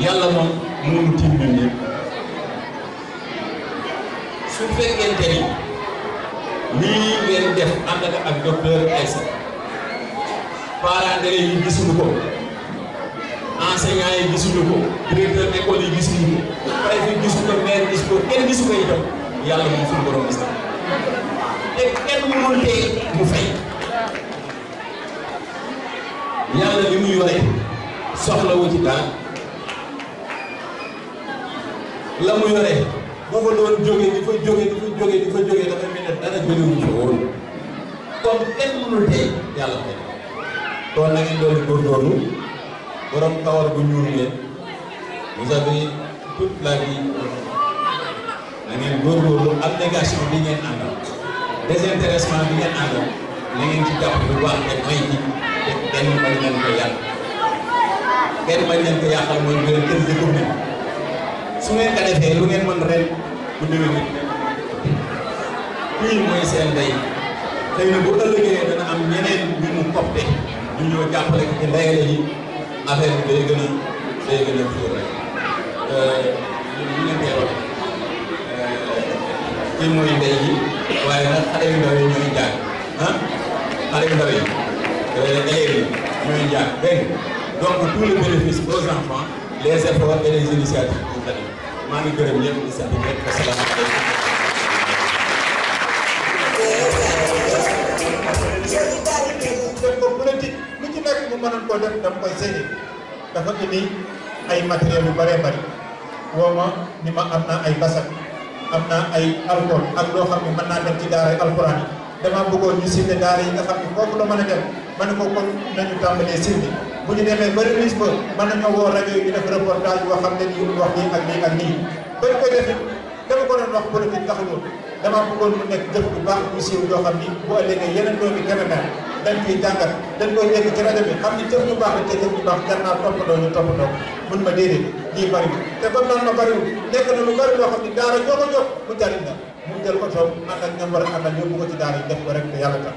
yàlla moom moo ñu tiim ñun ñëpp fekkente ni lii ngeen def ànd ak ak docteur Aïssa parents d'élèves yi gisuñu ko enseignants yi gisuñu ko directeur école yi gisuñu ko préfet gisu ko maire gisu ko kenn gisu ko itam yàlla moom suñu borom gis na te kenn mënul mu fay. yàlla bi mu yore soxlawu ci dara la mu yore boo fa doon jógee di fa jógee di fa jógee di fa jógee dafa mel ne dara jëlewu ci woon kon kenn mënul tey yàlla tey kon na ngeen doon góorgóorlu borom kawar bu ñuul ngeen vous avez toute la vie na ngeen góorgóorlu abnégation bi ngeen àndal désintéressement bi ngeen àndal na ngeen ci jàpp bu baax te may ci benn mën ngeen ko yàq benn mën ngeen ko yàqal mooy ngeen kër gi ko su ngeen ko defee lu ngeen mën ren bu mooy seen ndey xëy na bu ëllëgee dana am ñeneen ñu mu kopte ñu ñoo jàppale ko ci ndeyale yi affaire bi day gën a day gën a fóor rek ñu euh, euh, mooy ndey yi waaye nag xale yu ndaw yi jàng ah xale yu ndaw élèves donc tous les bénéfices aux enfants les efforts et les initiatives pour l'année maa ngi gërëm ñëpp di sant ñëpp asalaamaaleykum mënoon koo def dama koy séddee dafa indi ay matériels yu bëree bëri woo ma ni ma am naa ay basak am naa ay alcool ak loo xam ne mën naa dem ci daara alquran yi dama bëggoon ñu cité daara yi nga xam ne foofu la mën a dem ma ne ko kon nañu tàmbalee sëñ bi bu ñu demee ba remise ba mën nañoo woo rajo yi ñu def reportage boo xam ne nii wax nii ak nii ak nii ba ñu koy defee dama ko doon wax politique taxuloo damaa bëggoon mu nekk jëf bu baax bu siiw yoo xam ni bu ëllëgee yeneen doomi Kébémer dañ koy jàngat dañ koy dégg ci rajo bi xam ni jëf bu baax la te jëf bu baax jar naa toppandoo ñu toppandoo mun ma déedéet lii bari te ba naan ma bariwul nekk na lu bari loo xam ni daara ñoo ko jox mu jariñ la mu jël ko toog ànd ak ñoom war a àndal yóbbu ko ci daara yi def ko rek te yàlla tax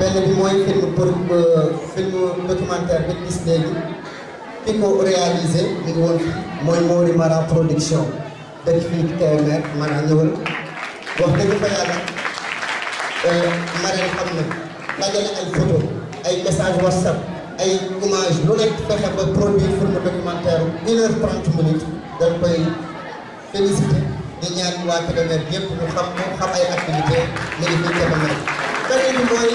benn bi mooy film pour euh, film documentaire bi gis léegi ki ko réalisé mi ngi woon fi mooy Mori Mara production dëkk fii Kébémer man a ñëwal wax dëgg fa yàlla euh, Marème xam na dajale ay photo ay message whatsapp ay image lu nekk fexe ba produire film documentaire une heure trente minutes dañ koy félicité di ñaan waa Kébémer yëpp ñu xam mu xam ay activité ñu ngi fii Kébémer beneen bi mooy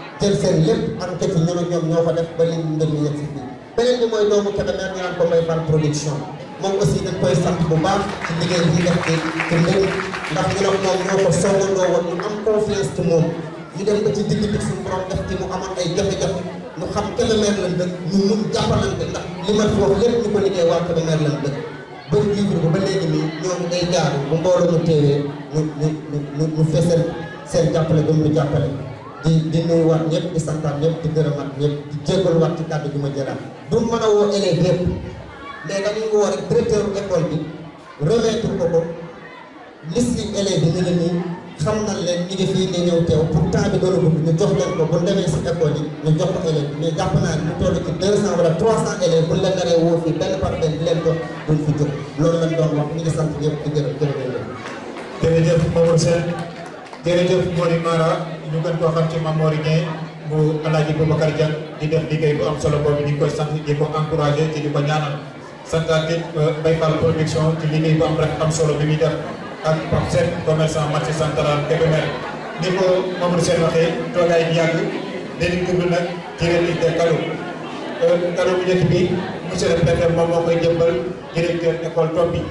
jël seen lépp en teg ñu ne ñoom ñoo fa def ba leen mbir mi yegg si fii beneen mooy doomu Kébémer ñu naan ko Mbaye Fall production moom aussi dañ koy sant bu baax ci liggéey bi ñu def ci ci mbir ndax ñu ne mu ñoo ko songandoo am confiance ci moom ñu dem ba ci digg bi suñu borom def ci mu amoon ndax li ma wax lépp ñu ko liggéey waa Kébémer lañ dëkk ba jiitu ko ba léegi nii ñoom day jaar bu mbooloo ñu teewee ñu ñu ñu ñu fesal seen jàppale ba mu jàppale di di nuyuwaat ñëpp di santaat ñëpp di gërëmaat ñëpp di jégaluwaat ci kàddu gi ma jëlaat. du mën a woo élèves yëpp mais dañuy woo rek directeur école bi remettre ko ko liste yi élèves yi ne ngi nii xam na leen ñu a ko jox ko élèves yi mais jàpp naa ne mu toll ci deux cent wala trois cent élèves bu la naree woo fii benn par benn di leen jox duñ fi jóg loolu lañ doon wax ñu ngi sant ñëpp di gërëm jërëjëf. jërëjëf Mamadou Sène jërëjëf Mori Mara. ñu ko xam ci mamoricain bu bu Boubacar jan di def liggéey bu am solo boobu ni koy sant di ko encourager ci di ko ñaanal bay fal production ci liggéey bu am rek am solo bi mi def ak Pape set commerçant marché central Kébémer ni ko Mamadou Sène waxee toogaay bi de dañu tudd nak ci rek liñ kalu euh kalu bu njëkk bi monsieur le préfet mom mo koy jëmbal directeur école Tombi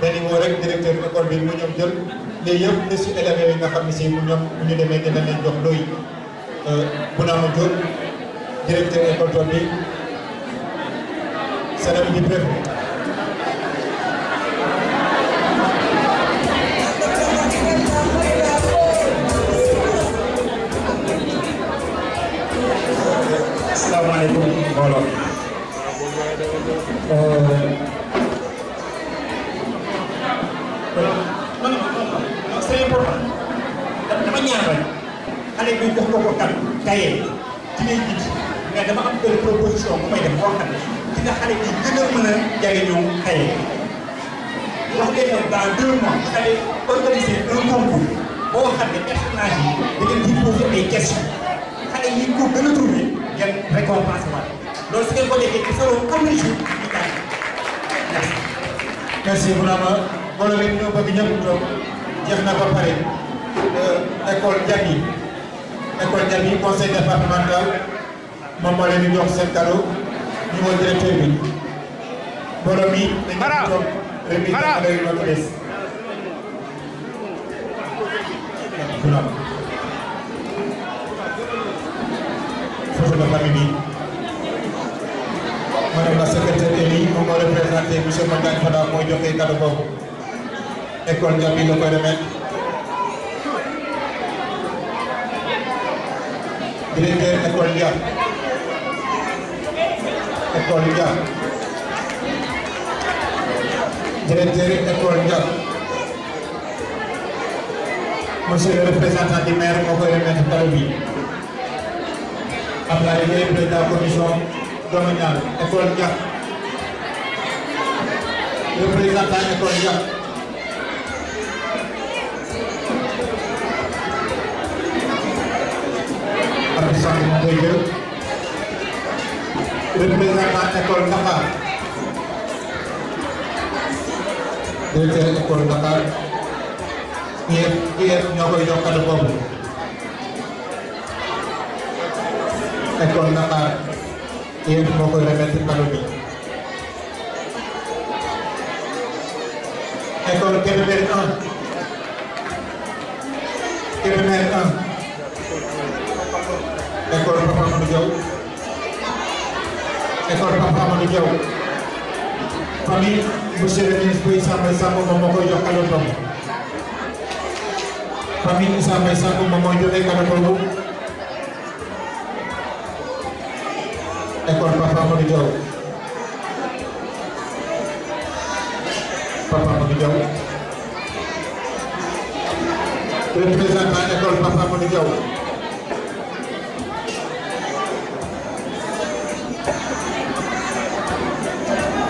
dañu mo rek directeur école bi mu ñom jël léegi yépp ne ci élève yi nga xamni ci mu ñom bu ñu demee dina leen jox doy euh, bu naa mo jox directeur école tool bi sanam ñi préfet asalaamaaleykum mbooloo non non c'est important dama ñaan rek xale bi jox ko ko kan kaye ci ngay jiit mais dama am benn proposition bu may def boo xam ci nga xale bi gën a mën a jariñoo kaye wax leen ne dans deux mois xale organisé un concours boo xam ne personnage yi da ngeen di poser ay questions xale yi ko gën a trouvé ngeen récompense waat loolu su ngeen ko defee il faut que am na jour ñu merci. merci vraiment. mbooloo mi ñoo bëgg ñëpp toog jeex na ba pare euh, école Jami école Jami conseil départemental moom moo leen di jox seen cadeau ñu ngi directeur bi mbooloo mi dañu toog ren bi dafa lay doon des. photo de famille madame la secrétaire Elie moom moo représenté monsieur Mandane Fada mooy joxe cadeau boobu. এখন জাপিল করেবেন Grete Ecolja. Ecolja. Grete Ecolja. Monsieur le représentant du maire, vous pouvez remettre Taloubi. Applaudissez le président de la commission domaniale, Ecolja. Représentant Ecolja. dégg nga représentant école Dakar directeur école Dakar IEF IEF ñoo koy jox kàddu boobu école Dakar ekor Papa menuju jauh, ekor Papa menuju jauh, kami monsieur le ministre sampai Samba Samb moom moo kami jox kado boobu famille Issa ekor Samb moom mooy joxe jauh, Papa menuju Diaw Papa Amadou Papa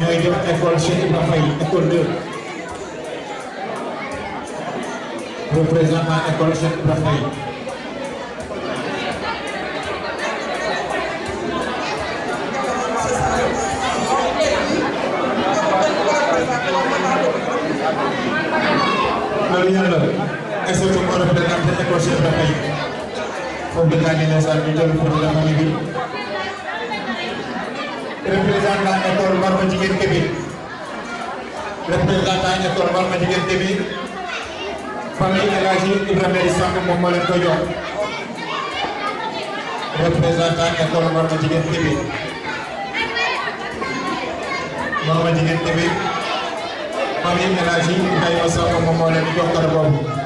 ñooy jox école Cheikh Ibrahima Faye école 2 représentant école Cheikh Ibrahima Faye loolu ñan la est-ce que moo représenté école Cheikh Ibrahima Faye foofu dañaa ne ne sax ñu jël pour la famille bi président école Marma Jigéen Kébé le président école Marma Jigéen Kébé famille El Hadji Ibrahima di Samb moom moo leen ko jox représentant école Marma Jigéen Kébé Marma Jigéen Kébé famille El Hadji Ibrahima Samb moom moo leen di jox kàddu boobu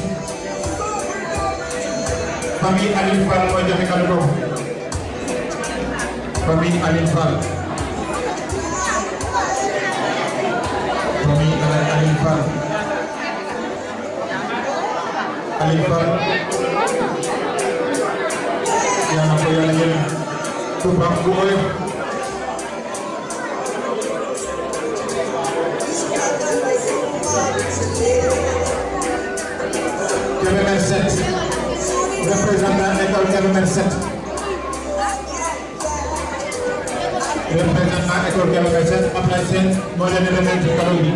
Famille Alifal Fall, on va dire qu'elle est Alifal, Famille Aline yang Famille Aline Fall. location. Represent my echo location, application, modern element technology.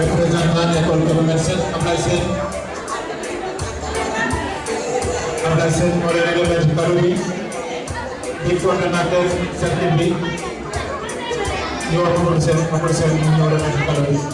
Represent my echo location, application, application, modern element technology. Deep alternative circuit B. Your operation, operation, modern element technology.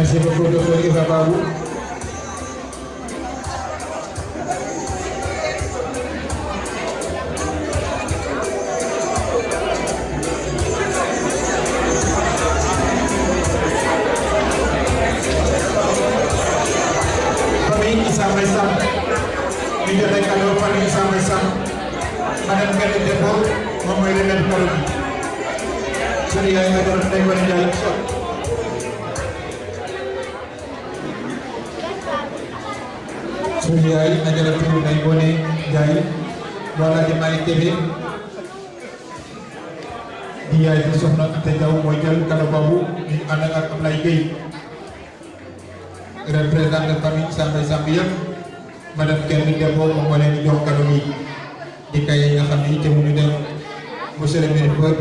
merci beaucoup de Bapak. vers soxna Anta Diaw mooy jël kado boobu ñu ànd ak Ablaye Gueye représentant famille Samba Samb yëpp madame kenn Demba moom moo leen jox kado bi di kaye nga xam te mu ñu dem monsieur le monsieur le maire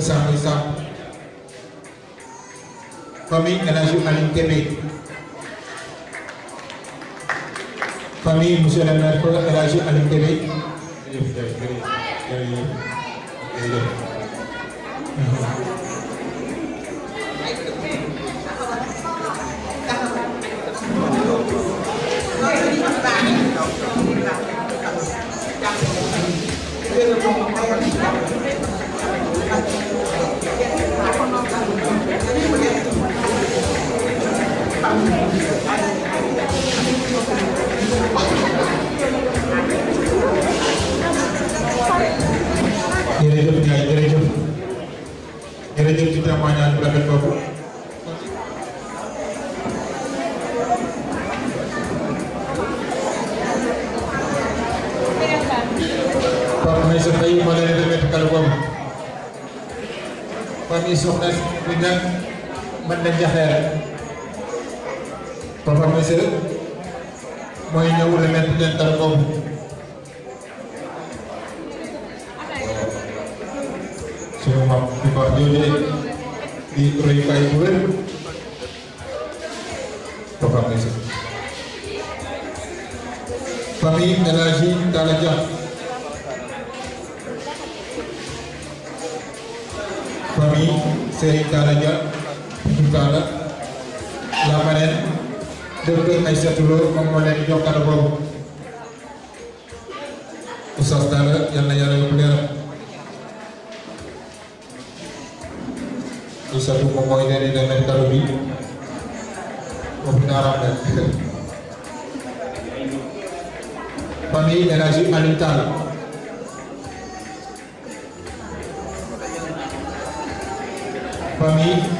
dina jëm ci témoignage bu rafet boobu Papa Issa remet kal boobu famille soxna bi nag remet di Proyek Ibulen program desa kami energi talajah kami seri talajah berkala Lapanen Dr. Aisyatullah memulai jokan bobo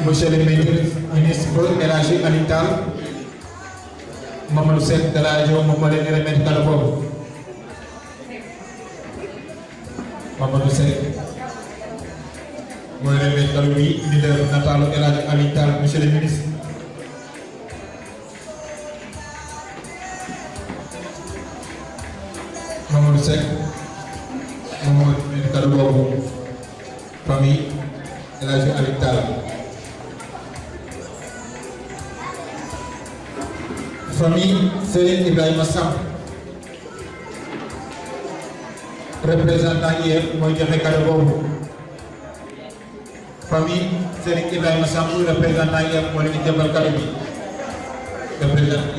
monsieur le ministre El Hadji Aliou Tall Mamadou Seck de la région moom moo leen di remettre kàddu boobu Mamadou Seck mooy remettre kàddu bi di leen nataalu El Hadji Aliou Tall monsieur le ministre. Sering Ibrahima Samb représentant yi yëpp mooy joxe cadeau boobu famille Serigne Ibrahima Samb représentant yi di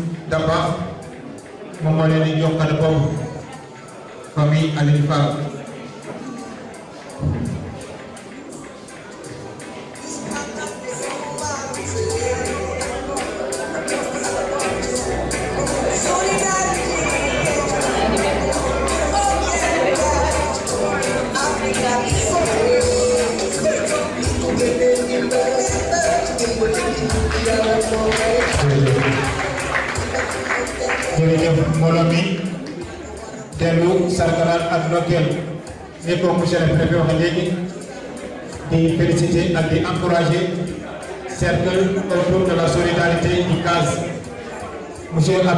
dapat kembali dijuangkan bom kami Alifah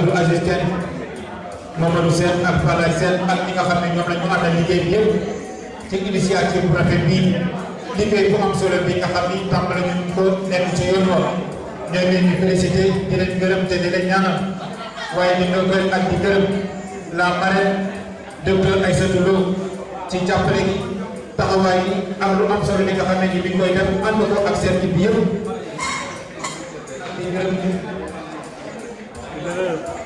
Abdou Aziz Diagne Mamadou Sène ak Falaye Sène ak ñi nga xam ne ñoom la ñu àndal liggéey bi yëpp ci initiative bu rafet bii liggéey bu am solo bi nga xam ni tàmbali nañu ko nekk ci yoon woon ñoo leen di félicité di leen gërëm te di leen ñaanal waaye di ndokkeel ak di gërëm la marraine docteur Aïssatou Lo ci jàppale gi taxawaay yi ak lu am solo li nga xam bi koy def ko ak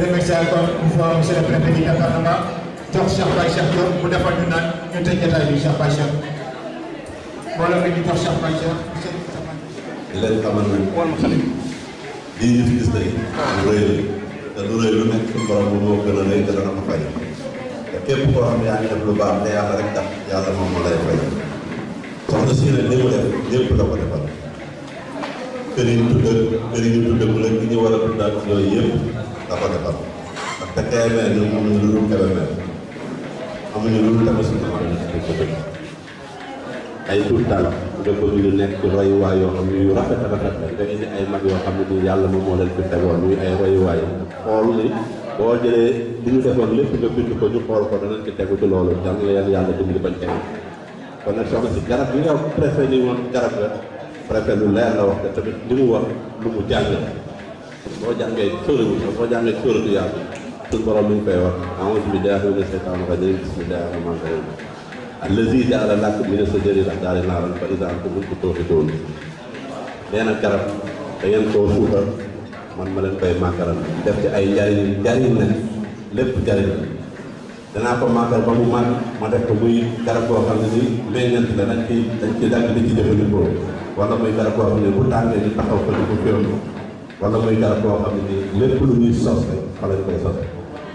remercier encore une fois monsieur le préfet du département jox Cheikh Baye Cheikh Diop mu defal ñu naan ñu tëj jotaay bi Cheikh Baye mi ñu jox Cheikh Baye Cheikh. di leen xamal nag lii ñu fi gis tey lu rëy la te lu rëy lu nekk suñu borom bu moo gën a rëy te dana ko fay te yaa ngi def lu baax te yàlla rek tax yàlla moom la ko defal kër yi ñu tudd kër yi ñu tudd ak ñu war a da ko defar parce que TMA ñun amuñu lu lu dul tamit suñu xarala ñu ko yàlla moom moo leen ay royuwaay xool ni boo jëlee li ñu bind ko ñu xool ko danañ ci tegu ci loolu jàng la yàlla yàlla dimbali bañ tegu kon si garab yi nga préfet ni la préfet lu wax li mu wax lu mu jàng boo jàngee sóoru boo jàngee sóoru du yàlla suñ borom mi ngi koy wax aouzu billahi mina shaytani rajim bismillahi rahmani rahim allazi jaala lakum mina sajari al-akhdari naaran fa idaa antum minhu tuuqiduun nee na garab da ngeen koo suutal man ma leen koy màggaral def ci ay njariñ njariñ nag lépp njariñ la danaa ko màggal ba mu màgg di ci jëfandikoo wala wala muy garab boo xam ne nii lépp lu ñuy sos rek fa lañ koy sos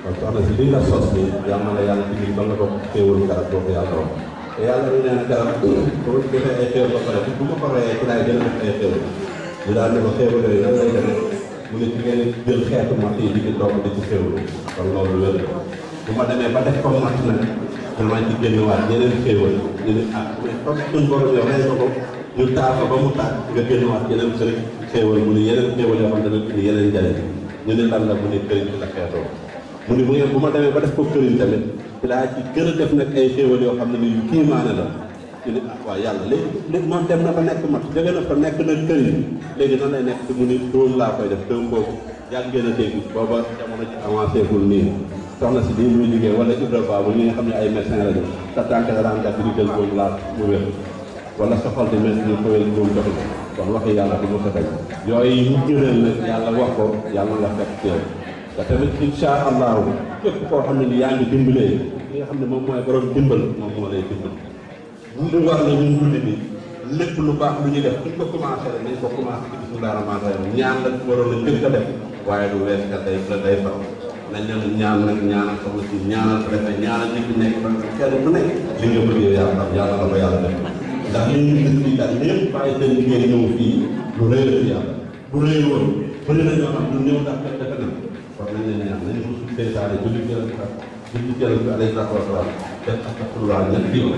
kon soxna si li nga sos nii yal na la yàlla digil ba nga ko xéewal garab boobu yàlla wax te yàlla ñu neen garab boo defee ay xéewal ba pare bu ma ko reyee ci laay gën a def ay xéewal ñu daal ne ko xéewal yooyu nan lay demee mu ne ci ngeen jël xeetu matt yi di ci doom di ci xéewal kon loolu wér bu ma demee ba def ko matt nag damaa ci génnewaat yeneen xéewal ñu ne ah mais comme suñ borom yow rey ko ko ñu taal ko ba mu taal nga génnewaat yeneen sëriñ xéewal mu ne yeneen xéewal yoo xam ne dana indi yeneen njariñ ñu ne lan la mu ne këriñ bi la xeetoo mu ne bu ngeen bu ma demee ba def ko këriñ tamit ci laa ci gën def nag ne ni yu kiimaane la ah yàlla léegi léegi moom dem na ba nekk mat jóge nekk na këriñ léegi nan lay nekk ci mu ne laa koy def doom boobu yàgg ngeen a dégg booba jamono ci avancé gul nii soxna si lii muy liggéey wala Ibra Baabu ñi nga xam ne ay médecin la ñu wala sa xol di métti ñu ko kon waxe yàlla di mu tefeg yooyu yu jëral nag yàlla wax ko yàlla nga fekk teew te tamit insha allahu képp koo xam ne ni yaa nga xam ne moom borom dimbal moom moo lay dimbal ñu war na ñun julli bi lépp lu baax lu ñuy def buñ ko commencé rek ko commencé ci ñaan la waroon a def du nañ ñaan si ñaanal ko ñaanal nit nekk ba kenn ku nekk li nga bëgg yow ko def ndax ñun ñu dëkk bi daal ñëpp bàyyi seen liggéey ñëw fii lu rëy la fi yàlla bu rëy woon bëri na ñoo xam ne ñëw ndax fekk defe na war nañ leen ñaan nañ ko suñu seytaane julli jël ka julli jël bi alayhi salaatu wasalaam def astafurlah ñett yoon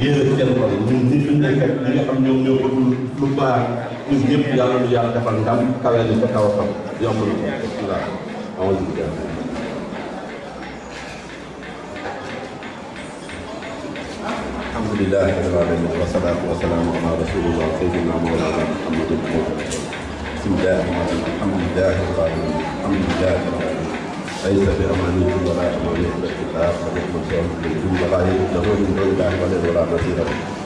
yéene seen xol ñun ñi fi nekk ak ñi nga xam ñoom ñoo bëgg lu baax ñun ñëpp yàlla lu yàlla defal ndam kawe ni ko kaw a xam yomb na ko لله رب العالمين والصلاة والسلام على رسول الله سيدنا مولانا محمد بسم الله الرحمن الرحيم الحمد لله رب العالمين الحمد لله رب العالمين ليس بأمانيكم ولا أماني الله ولكم سيركم ولا يجد له من دون الله ولا ولا نصير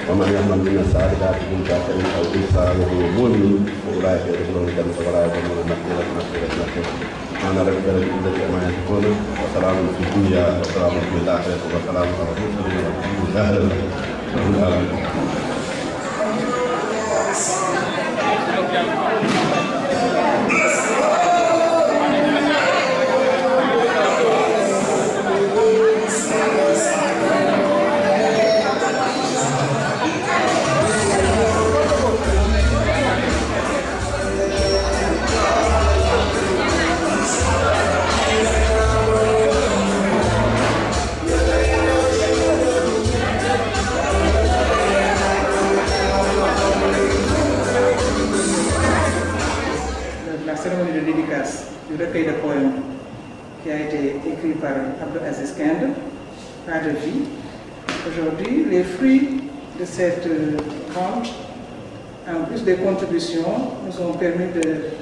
ومن يعمل من السعادات من كافر أو إنسان وهو مؤمن فأولئك يدخلون الجنة ولا يظلمون مغفرة مغفرة مغفرة سبحان رب العزة وسلام في الدنيا وسلام في الآخرة وسلام على المرسلين والحمد لله رب العالمين uh, par à Kend, Pas de vie. Aujourd'hui, les fruits de cette euh, vente, en plus des contributions, nous ont permis de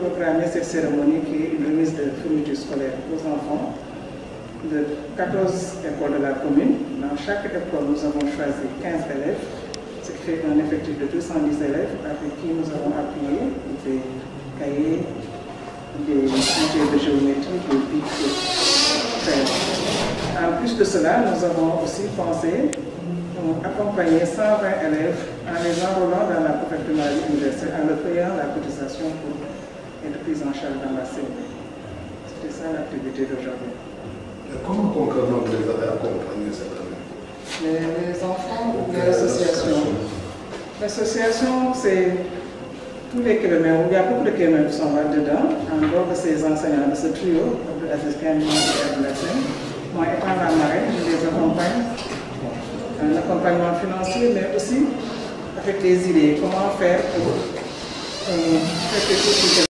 programmer cette cérémonie qui est une remise de du scolaire aux enfants de 14 écoles de la commune. Dans chaque école, nous avons choisi 15 élèves, ce qui fait un effectif de 210 élèves avec qui nous avons appuyé des cahiers, des de géométrie, des en plus de cela, nous avons aussi pensé accompagner 120 élèves en les enroulant dans la professionnalité universelle, en leur payant la cotisation pour être prise en charge dans la CME. C'était ça l'activité d'aujourd'hui. Euh, comment concrètement vous les avez accompagnés cette année les, enfants ou l'association L'association, c'est tous les kilomètres. Il y a beaucoup de kilomètres qui sont là-dedans, en dehors de ces enseignants, de ce trio, de la de la Moi, étant la marraine, je les accompagne, un accompagnement financier, mais aussi avec des idées, comment faire pour euh, faire quelque chose